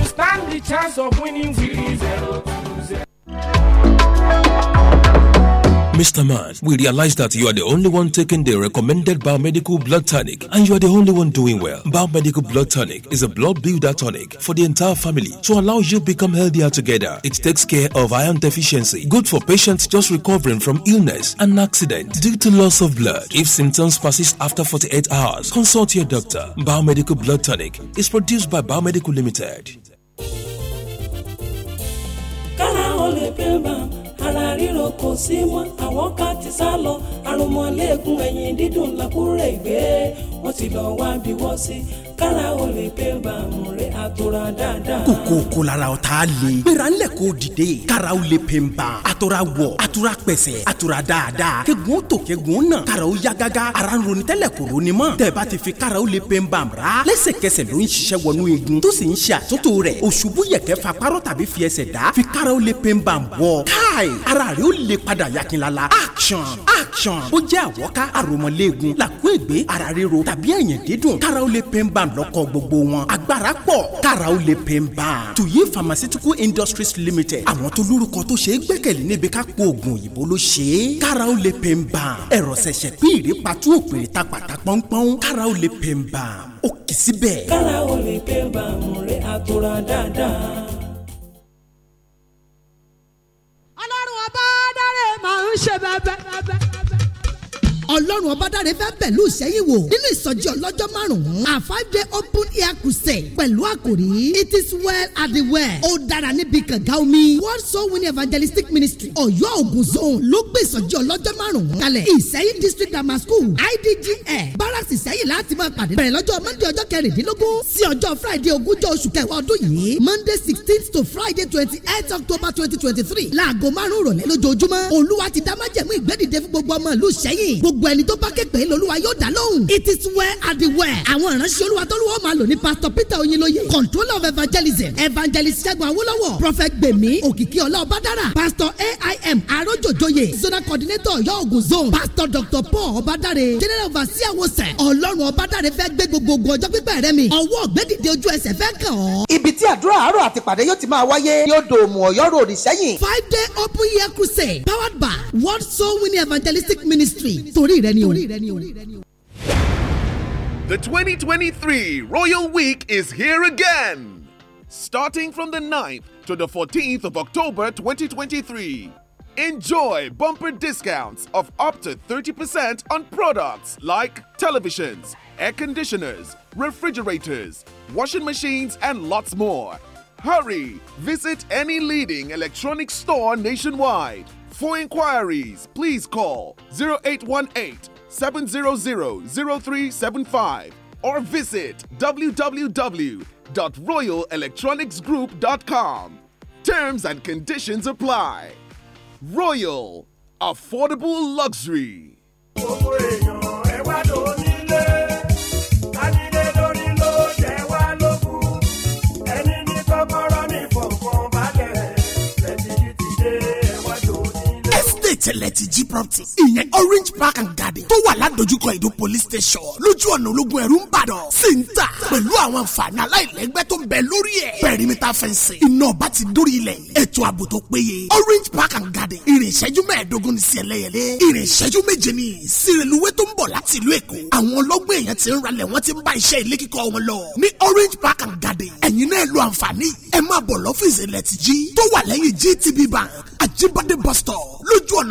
Speaker 14: stand the chance of winning
Speaker 2: Mr. Man,
Speaker 4: we realize that you are the only one taking the recommended biomedical blood tonic and you are the only one doing well. Biomedical blood tonic is a blood builder tonic for the entire family to allow you become healthier together. It takes care of iron deficiency, good for patients just recovering from illness and accident due to loss of blood. If symptoms persist after 48 hours, consult your doctor. Biomedical blood tonic is produced by Biomedical Limited.
Speaker 20: kára ó lè pé bá ara ríro kò sí mọ́ àwọn ká ti sá lọ àrùnmọ́lẹ́gùn ẹ̀yìn dídùn làkúrẹ́ ìgbé wọ́n ti lọ́ọ́ wá bí wọ́n sí kára o lè pé bàmù rẹ̀ àtòrà dáadáa.
Speaker 4: kòkó kò lára o t'a le. gbéra ńlẹ̀ k'o dìde. kára o lè pè ń ban. àtòrà wọ̀ àtòrà pẹ̀sẹ̀ àtòrà kegun tó kegun nà. kára ya gágá. ara ń ronú tẹ́lẹ̀ kò ronú mọ́. tẹ̀bá ti fi kára o lè pè ń ban ra. ló ń ṣiṣẹ́ wọnú igun. tó sì ń ṣe àtúntò rẹ̀. òṣùbù yẹ̀kẹ́ fa párọ̀ tàbí fi ẹsẹ̀ dá. fi kára o lè pè ń ban bọ̀. ara rẹ̀ ó lè padà yakinlala. action action. ó jẹ́ àwọ̀ká àròmọ̀lẹ́gun làkúègbé ara ríro tàbí ẹ̀yìn dídùn. kára o lè pè ń ban lọ́kọ̀ gbogbo wọn agbára pọ̀ kára ó lè pè ń bá a. tuyi pharmaceutical industries limited àwọn tó lórúkọ tó ṣe é gbẹ́kẹ̀lé níbi ká kó oògùn òyìnbó ló ṣe é kára ó lè pè ń bá a. ẹ̀rọ ṣẹ̀ṣẹ̀ pín ìrèpàtú òpèrè ta pàtà pọ́npọ́n kára ó lè pè ń bá a ó kì í
Speaker 20: síbẹ̀. kára ó lè pè ń bá a mú rẹ̀ àtúrà dáadáa.
Speaker 9: ọlọ́run ọba dáre màá ń ṣe bẹ́ẹ̀ bẹ́ẹ̀ bẹ́ẹ̀
Speaker 8: ọlọ́run ọbádàrẹ fẹ́ pẹ̀lú ìṣẹ́yìn wò nínú ìsọjí ọlọ́jọ́ márùn-ún a five day open air crusade pẹ̀lú àkòrí it is well at the well ó dára níbi kànga omi world soul winning evangelistic ministry ọ̀yọ́ ògùn zone ló gbé ìsọjí ọlọ́jọ́ márùn-ún kalẹ̀ ìṣẹ́yìn district grammar school idgf barracks ìṣẹ́yìn láti máa pàdé bẹ̀rẹ̀ lọ́jọ́ monday ọjọ́ kẹrìndínlógún sí ọjọ́ friday ogúnjọ́ oṣù kẹwàá ọdún yìí monday sixteen to friday twenty eight october twenty twenty three láago márùn-ún rọ̀lẹ́ lójoojúmọ́ olúwa ti dá májẹ̀mú ìgbẹ́dìde fún gbogbo ọmọ ìlú ìṣẹ́yìn gbogbo gbogbo ẹni tó bá kẹ́pẹ́ lolúwa yóò dá lóhùn it is where and the well àwọn ìránṣẹ́ olúwa tó lówó máa lò ní pastor peter oyinlóye controller of evangelism evangelist ṣẹ́gun awólọ́wọ̀ prophet gbèmí òkìkí ọlá pastor aim arójòjòyè zona coordinator yọ ogun zone pastor dr paul ọbádáre general overseer awosẹ ọlọ́run ọbádáre fẹ́ gbé gbogbo ọjọ́ pípẹ́ rẹ mi ọwọ́ gbẹ́dìde ojú ẹsẹ̀ fẹ́ kàn ọ́. ibi tí àdúrà àárọ̀ àtìpàdé yóò ti máa wáyé
Speaker 14: ní odò òmù ọ̀yọ́ ròdì
Speaker 8: sẹ́yìn. five day open year crusade powered by world soul winning evangelistic ministry torí torí rẹ ni o.
Speaker 5: The 2023 Royal Week is here again, starting from the 9th to the 14th of October 2023. Enjoy bumper discounts of up to 30% on products like televisions, air conditioners, refrigerators, washing machines, and lots more. Hurry! Visit any leading electronics store nationwide for inquiries, please call 0818 700 0375 or visit www.royalelectronicsgroup.com. Terms and conditions apply. Royal Affordable Luxury.
Speaker 19: tẹ̀lẹ̀ ti jí
Speaker 4: property ìyẹn orange park and garden tó wà ládojúkọ ìdó police station lójú ọ̀nà ológun ẹ̀rú ń bàdàn sí ń tà pẹ̀lú àwọn àǹfààní aláìlẹ́gbẹ́ tó ń bẹ lórí ẹ̀ pẹ̀rímítà fẹ́ǹsì iná ọba ti dórí ilẹ̀ ètò ààbò tó péye orange park and garden ìrìn ìṣẹ́jú mẹ́ẹ̀ẹ́dógún ní sí ẹlẹ́yẹlé ìrìn ìṣẹ́jú méje ní sírèlúwé tó ń bọ̀ láti ìlú èkó àwọn ọlọ́gbọ́n èèyàn ti ń ralẹ̀ wọ́n ti ń bá iṣẹ́ ilé kíkọ́ wọn lọ ní orange park and garden ẹ̀yin náà lo àǹfààní ẹ máa bọ̀ lọ́fíìsì lẹ́tìjí tó wà lẹ́yìn gtb
Speaker 19: bank àjíbádé bus stop lójú ọ̀nà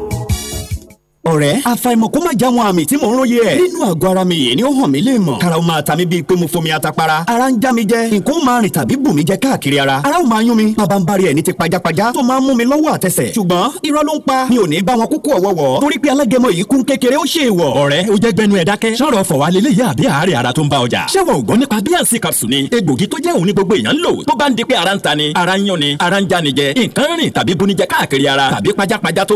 Speaker 4: ọ̀rẹ́ àfàìmọ̀ kó má já wọn àmì tí mò ń róye ẹ̀. nínú àgọ́ ara mi yìí ni ó hàn mí lè mọ̀. karaw máa ta mi bíi pé mo fomi atapara. ara ń já mi jẹ nǹkan máa rìn tàbí bù mí jẹ káàkiri ara. ara ò máa yún mi bàbá ń bari ẹ̀ ní ti pajápajá tó máa ń mú mi lọ́wọ́ àtẹsẹ̀. ṣùgbọ́n irọ́ ló ń pa mi ò ní bá wọn kúkú ọ̀wọ́wọ́ torí pé alágẹmọ yìí kún kékeré ó ṣe ìwọ̀. ba ọjà. ṣẹ́wọ̀ ò gbọ́ nípa bíànsì capsule ni egbògi tó jẹ́ òun ní gbogbo èèyàn ń lò tó bá ń di pé ara ń ta ni ara ń yán ni ara ń já ni jẹ nǹkan rìn tàbí bunijẹ káàkiri ara tàbí pajápajá tó